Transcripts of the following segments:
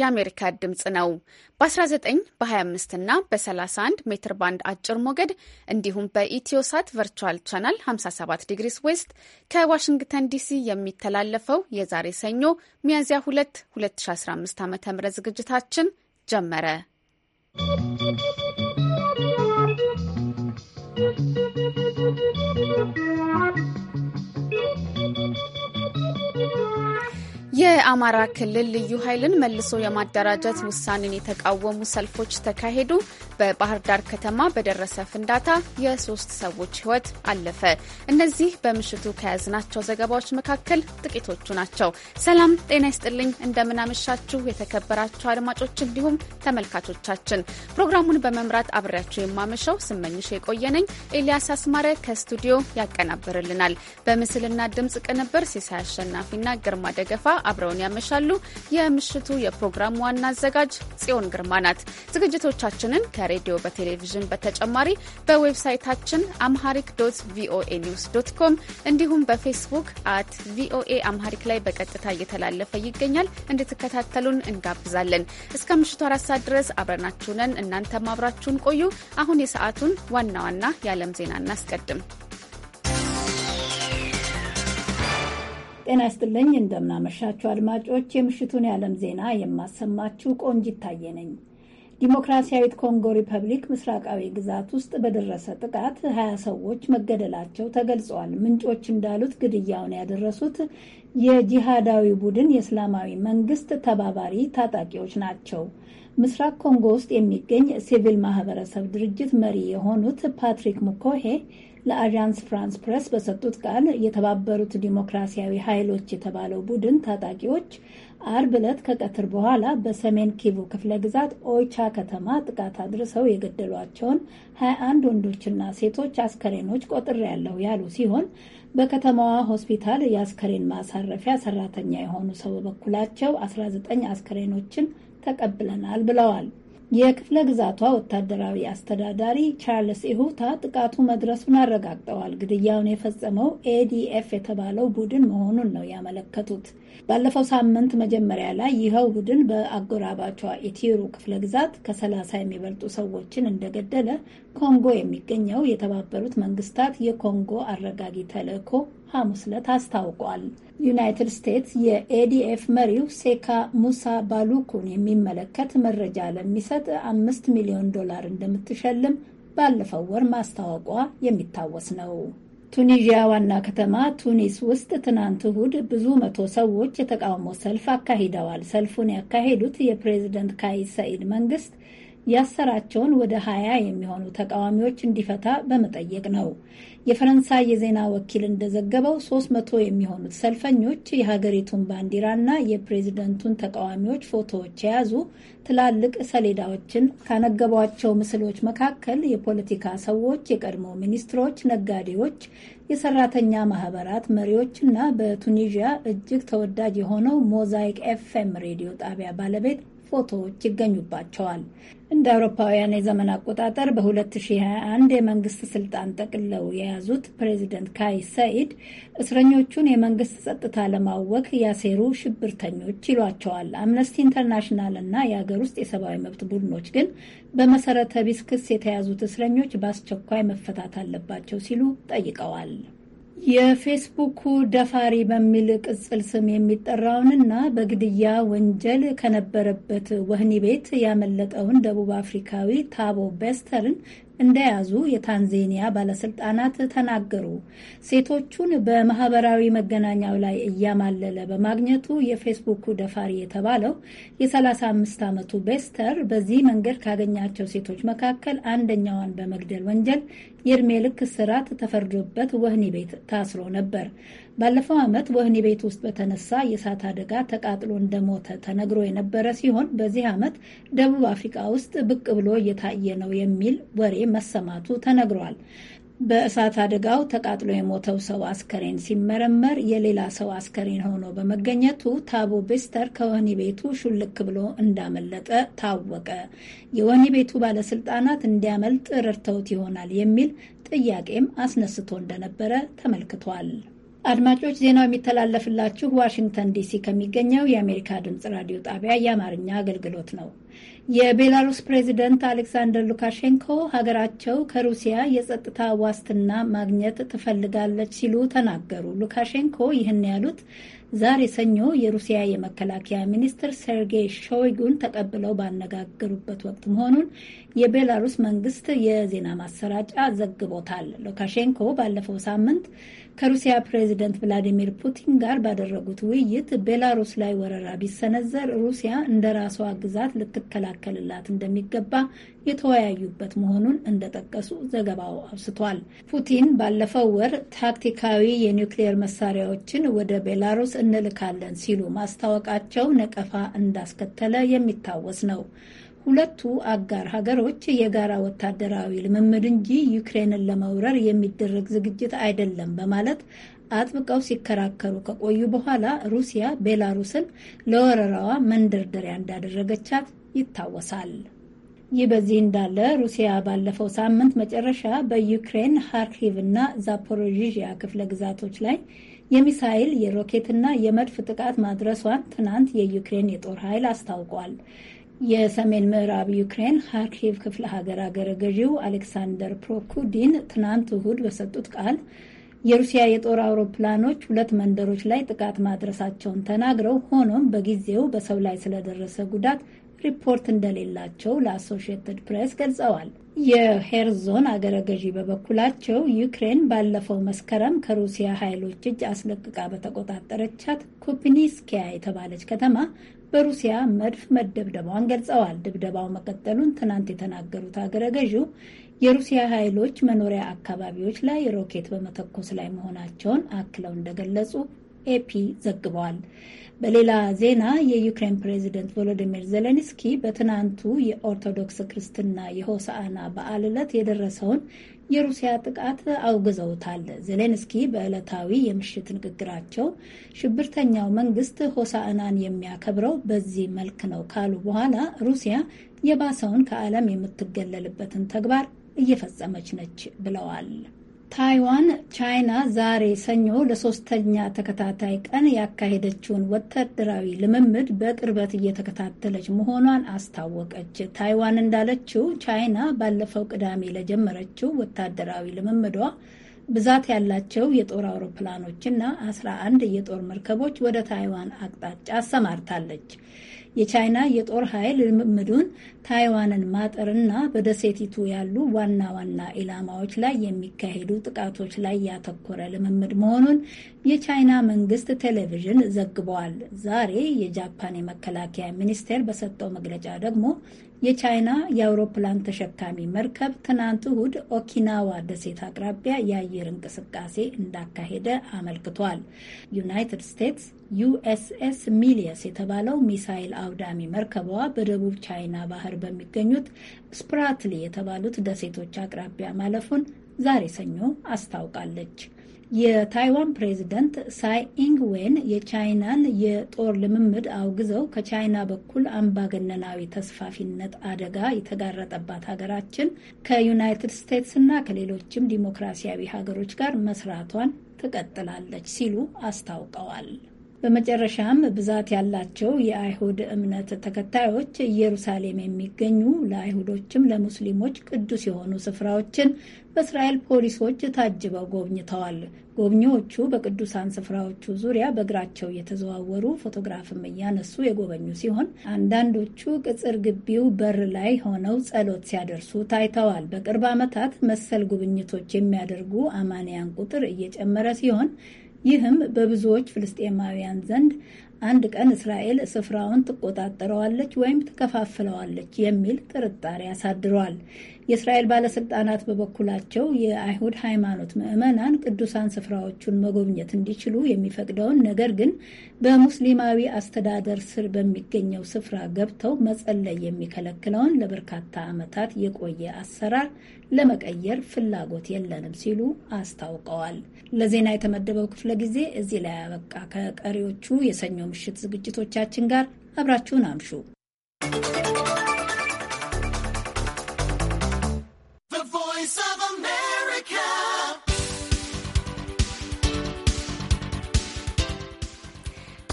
የአሜሪካ ድምፅ ነው። በ19 በ25 እና በ31 ሜትር ባንድ አጭር ሞገድ እንዲሁም በኢትዮሳት ቨርቹዋል ቻናል 57 ዲግሪስ ዌስት ከዋሽንግተን ዲሲ የሚተላለፈው የዛሬ ሰኞ ሚያዝያ 2 2015 ዓ ም ዝግጅታችን ጀመረ። የአማራ ክልል ልዩ ኃይልን መልሶ የማደራጀት ውሳኔን የተቃወሙ ሰልፎች ተካሄዱ። በባህር ዳር ከተማ በደረሰ ፍንዳታ የሶስት ሰዎች ሕይወት አለፈ። እነዚህ በምሽቱ ከያዝናቸው ዘገባዎች መካከል ጥቂቶቹ ናቸው። ሰላም ጤና ይስጥልኝ፣ እንደምናመሻችሁ የተከበራችሁ አድማጮች እንዲሁም ተመልካቾቻችን። ፕሮግራሙን በመምራት አብሬያችሁ የማመሸው ስመኝሽ የቆየነኝ። ኤልያስ አስማረ ከስቱዲዮ ያቀናብርልናል። በምስልና ድምፅ ቅንብር ሲሳይ አሸናፊና ግርማ ደገፋ አብረውን ያመሻሉ። የምሽቱ የፕሮግራም ዋና አዘጋጅ ጽዮን ግርማ ናት። ዝግጅቶቻችንን ከሬዲዮ በቴሌቪዥን በተጨማሪ በዌብሳይታችን አምሃሪክ ዶት ቪኦኤ ኒውስ ዶት ኮም እንዲሁም በፌስቡክ አት ቪኦኤ አምሃሪክ ላይ በቀጥታ እየተላለፈ ይገኛል። እንድትከታተሉን እንጋብዛለን። እስከ ምሽቱ አራት ሰዓት ድረስ አብረናችሁነን እናንተም አብራችሁን ቆዩ። አሁን የሰዓቱን ዋና ዋና የዓለም ዜና እናስቀድም። ጤና ይስጥልኝ እንደምናመሻችሁ አድማጮች፣ የምሽቱን የዓለም ዜና የማሰማችሁ ቆንጅ ይታየ ነኝ። ዲሞክራሲያዊት ኮንጎ ሪፐብሊክ ምስራቃዊ ግዛት ውስጥ በደረሰ ጥቃት ሀያ ሰዎች መገደላቸው ተገልጿል። ምንጮች እንዳሉት ግድያውን ያደረሱት የጂሃዳዊ ቡድን የእስላማዊ መንግስት ተባባሪ ታጣቂዎች ናቸው። ምስራቅ ኮንጎ ውስጥ የሚገኝ ሲቪል ማህበረሰብ ድርጅት መሪ የሆኑት ፓትሪክ ሙኮሄ ለአዣንስ ፍራንስ ፕሬስ በሰጡት ቃል የተባበሩት ዲሞክራሲያዊ ኃይሎች የተባለው ቡድን ታጣቂዎች አርብ ዕለት ከቀትር በኋላ በሰሜን ኪቩ ክፍለ ግዛት ኦይቻ ከተማ ጥቃት አድርሰው የገደሏቸውን 21 ወንዶችና ሴቶች አስከሬኖች ቆጥሬያለሁ ያሉ ሲሆን በከተማዋ ሆስፒታል የአስከሬን ማሳረፊያ ሰራተኛ የሆኑ ሰው በበኩላቸው 19 አስከሬኖችን ተቀብለናል ብለዋል። የክፍለ ግዛቷ ወታደራዊ አስተዳዳሪ ቻርልስ ኢሁታ ጥቃቱ መድረሱን አረጋግጠዋል። ግድያውን የፈጸመው ኤዲኤፍ የተባለው ቡድን መሆኑን ነው ያመለከቱት። ባለፈው ሳምንት መጀመሪያ ላይ ይኸው ቡድን በአጎራባቿ ኢቲሩ ክፍለ ግዛት ከሰላሳ የሚበልጡ ሰዎችን እንደገደለ ኮንጎ የሚገኘው የተባበሩት መንግስታት የኮንጎ አረጋጊ ተልእኮ ሐሙስ ዕለት አስታውቋል። ዩናይትድ ስቴትስ የኤዲኤፍ መሪው ሴካ ሙሳ ባሉኩን የሚመለከት መረጃ ለሚሰጥ አምስት ሚሊዮን ዶላር እንደምትሸልም ባለፈው ወር ማስታወቋ የሚታወስ ነው። ቱኒዥያ ዋና ከተማ ቱኒስ ውስጥ ትናንት እሁድ ብዙ መቶ ሰዎች የተቃውሞ ሰልፍ አካሂደዋል። ሰልፉን ያካሄዱት የፕሬዝደንት ካይስ ሰኢድ መንግስት ያሰራቸውን ወደ ሀያ የሚሆኑ ተቃዋሚዎች እንዲፈታ በመጠየቅ ነው። የፈረንሳይ የዜና ወኪል እንደዘገበው 300 የሚሆኑት ሰልፈኞች የሀገሪቱን ባንዲራና የፕሬዝደንቱን ተቃዋሚዎች ፎቶዎች የያዙ ትላልቅ ሰሌዳዎችን ካነገቧቸው ምስሎች መካከል የፖለቲካ ሰዎች፣ የቀድሞ ሚኒስትሮች፣ ነጋዴዎች፣ የሰራተኛ ማህበራት መሪዎች እና በቱኒዥያ እጅግ ተወዳጅ የሆነው ሞዛይክ ኤፍኤም ሬዲዮ ጣቢያ ባለቤት ፎቶዎች ይገኙባቸዋል። እንደ አውሮፓውያን የዘመን አቆጣጠር በ2021 የመንግስት ስልጣን ጠቅለው የያዙት ፕሬዚደንት ካይ ሰኢድ እስረኞቹን የመንግስት ጸጥታ ለማወክ ያሴሩ ሽብርተኞች ይሏቸዋል። አምነስቲ ኢንተርናሽናል እና የሀገር ውስጥ የሰብአዊ መብት ቡድኖች ግን በመሰረተ ቢስ ክስ የተያዙት እስረኞች በአስቸኳይ መፈታት አለባቸው ሲሉ ጠይቀዋል። የፌስቡኩ ደፋሪ በሚል ቅጽል ስም የሚጠራውንና በግድያ ወንጀል ከነበረበት ወህኒ ቤት ያመለጠውን ደቡብ አፍሪካዊ ታቦ ቤስተርን እንደያዙ የታንዜኒያ ባለስልጣናት ተናገሩ። ሴቶቹን በማህበራዊ መገናኛው ላይ እያማለለ በማግኘቱ የፌስቡኩ ደፋሪ የተባለው የ35 ዓመቱ ቤስተር በዚህ መንገድ ካገኛቸው ሴቶች መካከል አንደኛዋን በመግደል ወንጀል የእድሜ ልክ እስራት ተፈርዶበት ወህኒ ቤት ታስሮ ነበር። ባለፈው ዓመት ወህኒ ቤት ውስጥ በተነሳ የእሳት አደጋ ተቃጥሎ እንደሞተ ተነግሮ የነበረ ሲሆን በዚህ ዓመት ደቡብ አፍሪካ ውስጥ ብቅ ብሎ እየታየ ነው የሚል ወሬ መሰማቱ ተነግሯል። በእሳት አደጋው ተቃጥሎ የሞተው ሰው አስከሬን ሲመረመር የሌላ ሰው አስከሬን ሆኖ በመገኘቱ ታቦ ቤስተር ከወህኒ ቤቱ ሹልክ ብሎ እንዳመለጠ ታወቀ። የወህኒ ቤቱ ባለስልጣናት እንዲያመልጥ ረድተውት ይሆናል የሚል ጥያቄም አስነስቶ እንደነበረ ተመልክቷል። አድማጮች፣ ዜናው የሚተላለፍላችሁ ዋሽንግተን ዲሲ ከሚገኘው የአሜሪካ ድምፅ ራዲዮ ጣቢያ የአማርኛ አገልግሎት ነው። የቤላሩስ ፕሬዚደንት አሌክሳንደር ሉካሼንኮ ሀገራቸው ከሩሲያ የጸጥታ ዋስትና ማግኘት ትፈልጋለች ሲሉ ተናገሩ። ሉካሼንኮ ይህን ያሉት ዛሬ ሰኞ የሩሲያ የመከላከያ ሚኒስትር ሴርጌይ ሾይጉን ተቀብለው ባነጋገሩበት ወቅት መሆኑን የቤላሩስ መንግስት የዜና ማሰራጫ ዘግቦታል። ሉካሼንኮ ባለፈው ሳምንት ከሩሲያ ፕሬዚደንት ቭላዲሚር ፑቲን ጋር ባደረጉት ውይይት ቤላሩስ ላይ ወረራ ቢሰነዘር ሩሲያ እንደ ራሷ ግዛት ልትከላከልላት እንደሚገባ የተወያዩበት መሆኑን እንደጠቀሱ ዘገባው አውስቷል። ፑቲን ባለፈው ወር ታክቲካዊ የኒውክሌር መሳሪያዎችን ወደ ቤላሩስ እንልካለን ሲሉ ማስታወቃቸው ነቀፋ እንዳስከተለ የሚታወስ ነው። ሁለቱ አጋር ሀገሮች የጋራ ወታደራዊ ልምምድ እንጂ ዩክሬንን ለመውረር የሚደረግ ዝግጅት አይደለም በማለት አጥብቀው ሲከራከሩ ከቆዩ በኋላ ሩሲያ ቤላሩስን ለወረራዋ መንደርደሪያ እንዳደረገቻት ይታወሳል። ይህ በዚህ እንዳለ ሩሲያ ባለፈው ሳምንት መጨረሻ በዩክሬን ሃርኪቭ እና ዛፖሮዥያ ክፍለ ግዛቶች ላይ የሚሳይል የሮኬትና የመድፍ ጥቃት ማድረሷን ትናንት የዩክሬን የጦር ኃይል አስታውቋል። የሰሜን ምዕራብ ዩክሬን ሃርኪቭ ክፍለ ሀገር አገረ ገዢው አሌክሳንደር ፕሮኩዲን ትናንት እሁድ በሰጡት ቃል የሩሲያ የጦር አውሮፕላኖች ሁለት መንደሮች ላይ ጥቃት ማድረሳቸውን ተናግረው ሆኖም በጊዜው በሰው ላይ ስለደረሰ ጉዳት ሪፖርት እንደሌላቸው ለአሶሽየትድ ፕሬስ ገልጸዋል። የሄርዞን አገረ ገዢ በበኩላቸው ዩክሬን ባለፈው መስከረም ከሩሲያ ኃይሎች እጅ አስለቅቃ በተቆጣጠረቻት ኩፕኒስኪያ የተባለች ከተማ በሩሲያ መድፍ መደብደቧን ገልጸዋል። ድብደባው መቀጠሉን ትናንት የተናገሩት አገረ ገዢው የሩሲያ ኃይሎች መኖሪያ አካባቢዎች ላይ ሮኬት በመተኮስ ላይ መሆናቸውን አክለው እንደገለጹ ኤፒ ዘግበዋል። በሌላ ዜና የዩክሬን ፕሬዚደንት ቮሎዲሚር ዜሌንስኪ በትናንቱ የኦርቶዶክስ ክርስትና የሆሳአና በዓል ዕለት የደረሰውን የሩሲያ ጥቃት አውግዘውታል። ዜሌንስኪ በዕለታዊ የምሽት ንግግራቸው ሽብርተኛው መንግስት ሆሳዕናን የሚያከብረው በዚህ መልክ ነው ካሉ በኋላ ሩሲያ የባሰውን ከዓለም የምትገለልበትን ተግባር እየፈጸመች ነች ብለዋል። ታይዋን ቻይና ዛሬ ሰኞ ለሶስተኛ ተከታታይ ቀን ያካሄደችውን ወታደራዊ ልምምድ በቅርበት እየተከታተለች መሆኗን አስታወቀች። ታይዋን እንዳለችው ቻይና ባለፈው ቅዳሜ ለጀመረችው ወታደራዊ ልምምዷ ብዛት ያላቸው የጦር አውሮፕላኖችና አንድ የጦር መርከቦች ወደ ታይዋን አቅጣጫ አሰማርታለች። የቻይና የጦር ኃይል ልምምዱን ታይዋንን ማጠርና በደሴቲቱ ያሉ ዋና ዋና ኢላማዎች ላይ የሚካሄዱ ጥቃቶች ላይ ያተኮረ ልምምድ መሆኑን የቻይና መንግስት ቴሌቪዥን ዘግበዋል። ዛሬ የጃፓን የመከላከያ ሚኒስቴር በሰጠው መግለጫ ደግሞ የቻይና የአውሮፕላን ተሸካሚ መርከብ ትናንት እሁድ ኦኪናዋ ደሴት አቅራቢያ የአየር እንቅስቃሴ እንዳካሄደ አመልክቷል። ዩናይትድ ስቴትስ ዩኤስኤስ ሚሊየስ የተባለው ሚሳይል አውዳሚ መርከቧ በደቡብ ቻይና ባህር በሚገኙት ስፕራትሊ የተባሉት ደሴቶች አቅራቢያ ማለፉን ዛሬ ሰኞ አስታውቃለች። የታይዋን ፕሬዚደንት ሳይ ኢንግዌን የቻይናን የጦር ልምምድ አውግዘው ከቻይና በኩል አምባገነናዊ ተስፋፊነት አደጋ የተጋረጠባት ሀገራችን ከዩናይትድ እና ከሌሎችም ዲሞክራሲያዊ ሀገሮች ጋር መስራቷን ትቀጥላለች ሲሉ አስታውቀዋል። በመጨረሻም ብዛት ያላቸው የአይሁድ እምነት ተከታዮች ኢየሩሳሌም የሚገኙ ለአይሁዶችም ለሙስሊሞች ቅዱስ የሆኑ ስፍራዎችን በእስራኤል ፖሊሶች ታጅበው ጎብኝተዋል። ጎብኚዎቹ በቅዱሳን ስፍራዎቹ ዙሪያ በእግራቸው የተዘዋወሩ ፎቶግራፍም እያነሱ የጎበኙ ሲሆን አንዳንዶቹ ቅጽር ግቢው በር ላይ ሆነው ጸሎት ሲያደርሱ ታይተዋል። በቅርብ ዓመታት መሰል ጉብኝቶች የሚያደርጉ አማንያን ቁጥር እየጨመረ ሲሆን ይህም በብዙዎች ፍልስጤማውያን ዘንድ አንድ ቀን እስራኤል ስፍራውን ትቆጣጠረዋለች ወይም ትከፋፍለዋለች የሚል ጥርጣሬ አሳድሯል። የእስራኤል ባለስልጣናት በበኩላቸው የአይሁድ ሃይማኖት ምዕመናን ቅዱሳን ስፍራዎቹን መጎብኘት እንዲችሉ የሚፈቅደውን ነገር ግን በሙስሊማዊ አስተዳደር ስር በሚገኘው ስፍራ ገብተው መጸለይ የሚከለክለውን ለበርካታ ዓመታት የቆየ አሰራር ለመቀየር ፍላጎት የለንም ሲሉ አስታውቀዋል። ለዜና የተመደበው ክፍለ ጊዜ እዚህ ላይ ያበቃ። ከቀሪዎቹ የሰኞ ምሽት ዝግጅቶቻችን ጋር አብራችሁን አምሹ።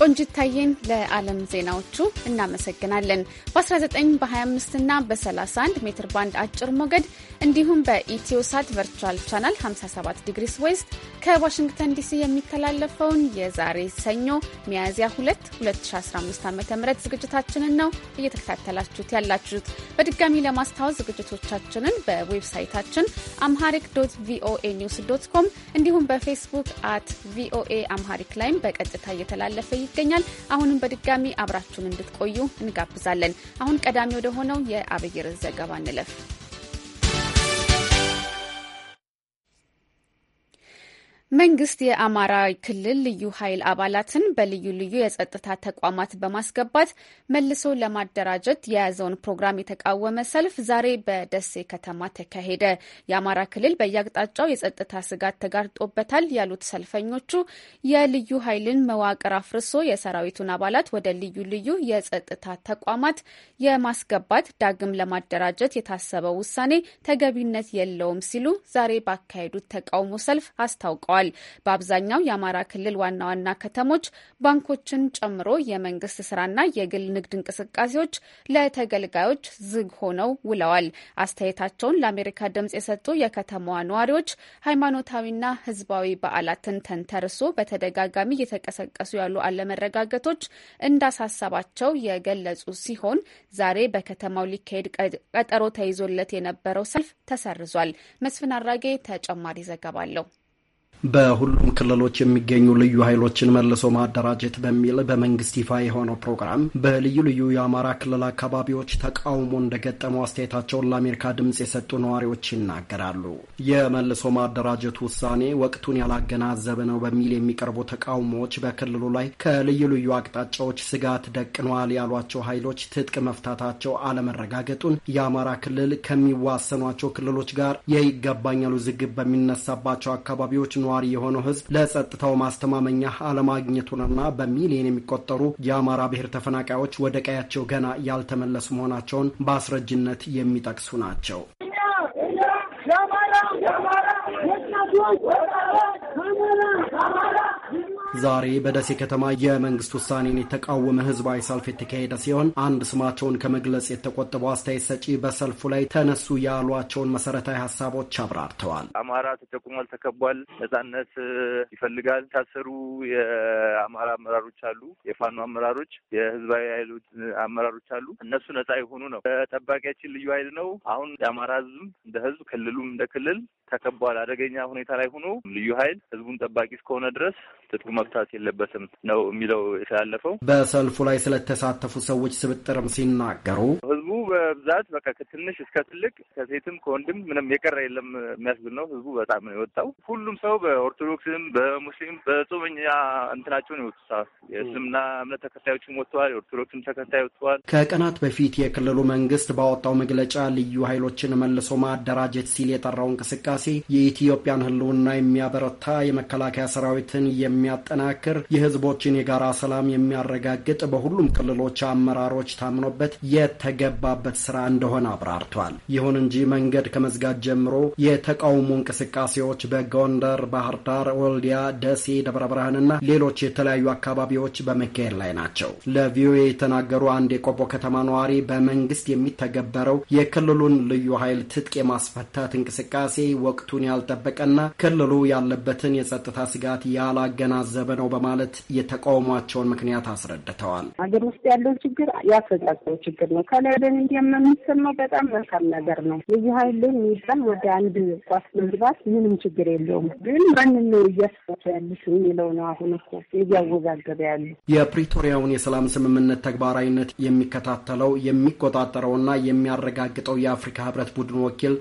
ቆንጅታዬን ለዓለም ዜናዎቹ እናመሰግናለን። በ19 በ25 እና በ31 ሜትር ባንድ አጭር ሞገድ እንዲሁም በኢትዮሳት ቨርቹዋል ቻናል 57 ዲግሪስ ዌስት ከዋሽንግተን ዲሲ የሚተላለፈውን የዛሬ ሰኞ ሚያዝያ 2 2015 ዓ ም ዝግጅታችንን ነው እየተከታተላችሁት ያላችሁት። በድጋሚ ለማስታወስ ዝግጅቶቻችንን በዌብሳይታችን አምሃሪክ ዶት ቪኦኤ ኒውስ ዶት ኮም እንዲሁም በፌስቡክ አት ቪኦኤ አምሃሪክ ላይም በቀጥታ እየተላለፈ ይገኛል። አሁንም በድጋሚ አብራችሁን እንድትቆዩ እንጋብዛለን። አሁን ቀዳሚ ወደ ሆነው የአብይር ዘገባ እንለፍ። መንግስት የአማራ ክልል ልዩ ኃይል አባላትን በልዩ ልዩ የጸጥታ ተቋማት በማስገባት መልሶ ለማደራጀት የያዘውን ፕሮግራም የተቃወመ ሰልፍ ዛሬ በደሴ ከተማ ተካሄደ። የአማራ ክልል በየአቅጣጫው የጸጥታ ስጋት ተጋርጦበታል ያሉት ሰልፈኞቹ የልዩ ኃይልን መዋቅር አፍርሶ የሰራዊቱን አባላት ወደ ልዩ ልዩ የጸጥታ ተቋማት የማስገባት ዳግም ለማደራጀት የታሰበው ውሳኔ ተገቢነት የለውም ሲሉ ዛሬ ባካሄዱት ተቃውሞ ሰልፍ አስታውቀዋል። አስታውቀዋል። በአብዛኛው የአማራ ክልል ዋና ዋና ከተሞች ባንኮችን ጨምሮ የመንግስት ስራና የግል ንግድ እንቅስቃሴዎች ለተገልጋዮች ዝግ ሆነው ውለዋል። አስተያየታቸውን ለአሜሪካ ድምጽ የሰጡ የከተማዋ ነዋሪዎች ሃይማኖታዊና ህዝባዊ በዓላትን ተንተርሶ በተደጋጋሚ እየተቀሰቀሱ ያሉ አለመረጋገቶች እንዳሳሰባቸው የገለጹ ሲሆን ዛሬ በከተማው ሊካሄድ ቀጠሮ ተይዞለት የነበረው ሰልፍ ተሰርዟል። መስፍን አራጌ ተጨማሪ ዘገባ አለው። በሁሉም ክልሎች የሚገኙ ልዩ ኃይሎችን መልሶ ማደራጀት በሚል በመንግስት ይፋ የሆነው ፕሮግራም በልዩ ልዩ የአማራ ክልል አካባቢዎች ተቃውሞ እንደገጠመው አስተያየታቸውን ለአሜሪካ ድምፅ የሰጡ ነዋሪዎች ይናገራሉ። የመልሶ ማደራጀት ውሳኔ ወቅቱን ያላገናዘበ ነው በሚል የሚቀርቡ ተቃውሞዎች በክልሉ ላይ ከልዩ ልዩ አቅጣጫዎች ስጋት ደቅነዋል ያሏቸው ኃይሎች ትጥቅ መፍታታቸው አለመረጋገጡን የአማራ ክልል ከሚዋሰኗቸው ክልሎች ጋር የይገባኛል ውዝግብ በሚነሳባቸው አካባቢዎች ነ ነዋሪ የሆነው ህዝብ ለጸጥታው ማስተማመኛ አለማግኘቱንና በሚሊዮን የሚቆጠሩ የአማራ ብሔር ተፈናቃዮች ወደ ቀያቸው ገና ያልተመለሱ መሆናቸውን በአስረጅነት የሚጠቅሱ ናቸው። ዛሬ በደሴ ከተማ የመንግስት ውሳኔን የተቃወመ ህዝባዊ ሰልፍ የተካሄደ ሲሆን አንድ ስማቸውን ከመግለጽ የተቆጠበው አስተያየት ሰጪ በሰልፉ ላይ ተነሱ ያሏቸውን መሰረታዊ ሀሳቦች አብራርተዋል። አማራ ተጨቁሟል፣ ተከቧል፣ ነጻነት ይፈልጋል። የታሰሩ የአማራ አመራሮች አሉ፣ የፋኖ አመራሮች፣ የህዝባዊ ኃይሎች አመራሮች አሉ። እነሱ ነጻ የሆኑ ነው። ጠባቂያችን ልዩ ኃይል ነው። አሁን የአማራ ህዝብም እንደ ህዝብ ክልሉም እንደ ክልል ተከቧል። አደገኛ ሁኔታ ላይ ሆኖ ልዩ ኃይል ህዝቡን ጠባቂ እስከሆነ ድረስ ትጥቁ መፍታት የለበትም ነው የሚለው የተላለፈው። በሰልፉ ላይ ስለተሳተፉ ሰዎች ስብጥርም ሲናገሩ ህዝቡ በብዛት በቃ ከትንሽ እስከ ትልቅ ከሴትም ከወንድም ምንም የቀረ የለም የሚያስብል ነው። ህዝቡ በጣም ነው የወጣው። ሁሉም ሰው በኦርቶዶክስም በሙስሊም በጾመኛ እንትናቸውን ይወጡታል። የእስልምና እምነት ተከታዮችም ወጥተዋል። የኦርቶዶክስም ተከታይ ወጥተዋል። ከቀናት በፊት የክልሉ መንግስት ባወጣው መግለጫ ልዩ ኃይሎችን መልሶ ማደራጀት ሲል የጠራው እንቅስቃሴ እንቅስቃሴ የኢትዮጵያን ህልውና የሚያበረታ የመከላከያ ሰራዊትን የሚያጠናክር የህዝቦችን የጋራ ሰላም የሚያረጋግጥ በሁሉም ክልሎች አመራሮች ታምኖበት የተገባበት ስራ እንደሆነ አብራርቷል። ይሁን እንጂ መንገድ ከመዝጋት ጀምሮ የተቃውሞ እንቅስቃሴዎች በጎንደር፣ ባህር ዳር፣ ወልዲያ፣ ደሴ፣ ደብረ ብርሃንና ሌሎች የተለያዩ አካባቢዎች በመካሄድ ላይ ናቸው። ለቪኦኤ የተናገሩ አንድ የቆቦ ከተማ ነዋሪ በመንግስት የሚተገበረው የክልሉን ልዩ ኃይል ትጥቅ የማስፈታት እንቅስቃሴ ወቅቱን ያልጠበቀና ክልሉ ያለበትን የጸጥታ ስጋት ያላገናዘበ ነው በማለት የተቃውሟቸውን ምክንያት አስረድተዋል። ሀገር ውስጥ ያለው ችግር ያሰጣቸው ችግር ነው። ከላይ ደን እንዲያም የሚሰማው በጣም መልካም ነገር ነው። የዚህ ሀይል የሚባል ወደ አንድ ኳስ መግባት ምንም ችግር የለውም። ግን ማን ነው እያስፈቱ ያሉት የሚለው ነው። አሁን እኮ እያወዛገበ ያሉ የፕሪቶሪያውን የሰላም ስምምነት ተግባራዊነት የሚከታተለው የሚቆጣጠረውና የሚያረጋግጠው የአፍሪካ ህብረት ቡድን ወኪል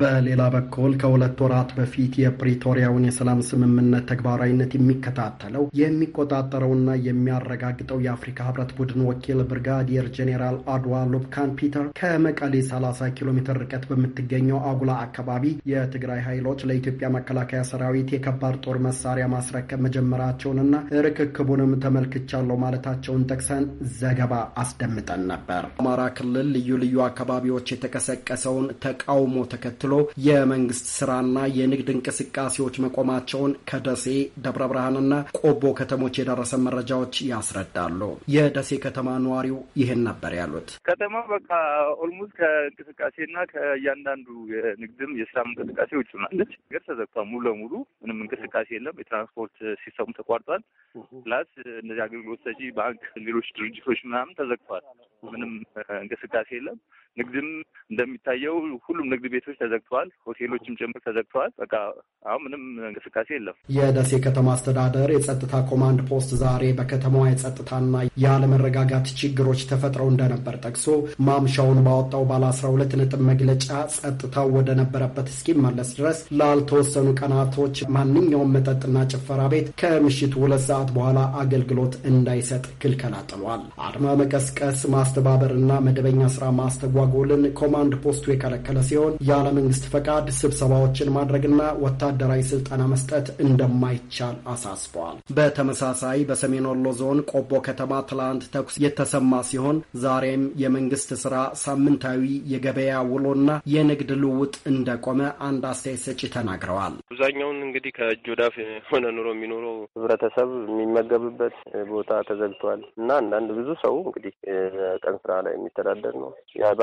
በሌላ በኩል ከሁለት ወራት በፊት የፕሪቶሪያውን የሰላም ስምምነት ተግባራዊነት የሚከታተለው የሚቆጣጠረውና የሚያረጋግጠው የአፍሪካ ህብረት ቡድን ወኪል ብርጋዲየር ጄኔራል አድዋ ሉብካን ፒተር ከመቀሌ 30 ኪሎ ሜትር ርቀት በምትገኘው አጉላ አካባቢ የትግራይ ኃይሎች ለኢትዮጵያ መከላከያ ሰራዊት የከባድ ጦር መሳሪያ ማስረከብ መጀመራቸውንና ርክክቡንም ተመልክቻለሁ ማለታቸውን ጠቅሰን ዘገባ አስደምጠን ነበር። አማራ ክልል ልዩ ልዩ አካባቢዎች የተቀሰቀሰውን ተቃውሞ ተከትሎ የመንግስት ስራና የንግድ እንቅስቃሴዎች መቆማቸውን ከደሴ ደብረ ብርሃንና ቆቦ ከተሞች የደረሰ መረጃዎች ያስረዳሉ። የደሴ ከተማ ነዋሪው ይህን ነበር ያሉት። ከተማ በቃ ኦልሞስት ከእንቅስቃሴና ከእያንዳንዱ የንግድም የስራ እንቅስቃሴ ውጭ ሆናለች። ነገር ተዘግቷል ሙሉ ለሙሉ ምንም እንቅስቃሴ የለም። የትራንስፖርት ሲስተሙ ተቋርጧል። ፕላስ እነዚህ አገልግሎት ሰጪ ባንክ፣ ሌሎች ድርጅቶች ምናምን ተዘግቷል። ምንም እንቅስቃሴ የለም። ንግድም እንደሚታየው ሁሉም ንግድ ቤቶች ተዘግተዋል፣ ሆቴሎችም ጭምር ተዘግተዋል። በቃ አሁን ምንም እንቅስቃሴ የለም። የደሴ ከተማ አስተዳደር የጸጥታ ኮማንድ ፖስት ዛሬ በከተማዋ የጸጥታና የአለመረጋጋት ችግሮች ተፈጥረው እንደነበር ጠቅሶ ማምሻውን ባወጣው ባለ አስራ ሁለት ነጥብ መግለጫ ጸጥታው ወደ ነበረበት እስኪመለስ ድረስ ላልተወሰኑ ቀናቶች ማንኛውም መጠጥና ጭፈራ ቤት ከምሽቱ ሁለት ሰዓት በኋላ አገልግሎት እንዳይሰጥ ክልከላ ጥሏል። አድማ መቀስቀስ፣ ማስተባበርና መደበኛ ስራ ማስተጓ መዋጎልን ኮማንድ ፖስቱ የከለከለ ሲሆን ያለ መንግስት ፈቃድ ስብሰባዎችን ማድረግና ወታደራዊ ስልጠና መስጠት እንደማይቻል አሳስበዋል። በተመሳሳይ በሰሜን ወሎ ዞን ቆቦ ከተማ ትላንት ተኩስ የተሰማ ሲሆን ዛሬም የመንግስት ስራ ሳምንታዊ የገበያ ውሎና የንግድ ልውውጥ እንደቆመ አንድ አስተያየት ሰጪ ተናግረዋል። አብዛኛውን እንግዲህ ከእጅ ወዳፍ የሆነ ኑሮ የሚኖረው ህብረተሰብ የሚመገብበት ቦታ ተዘግቷል እና አንዳንድ ብዙ ሰው እንግዲህ ቀን ስራ ላይ የሚተዳደር ነው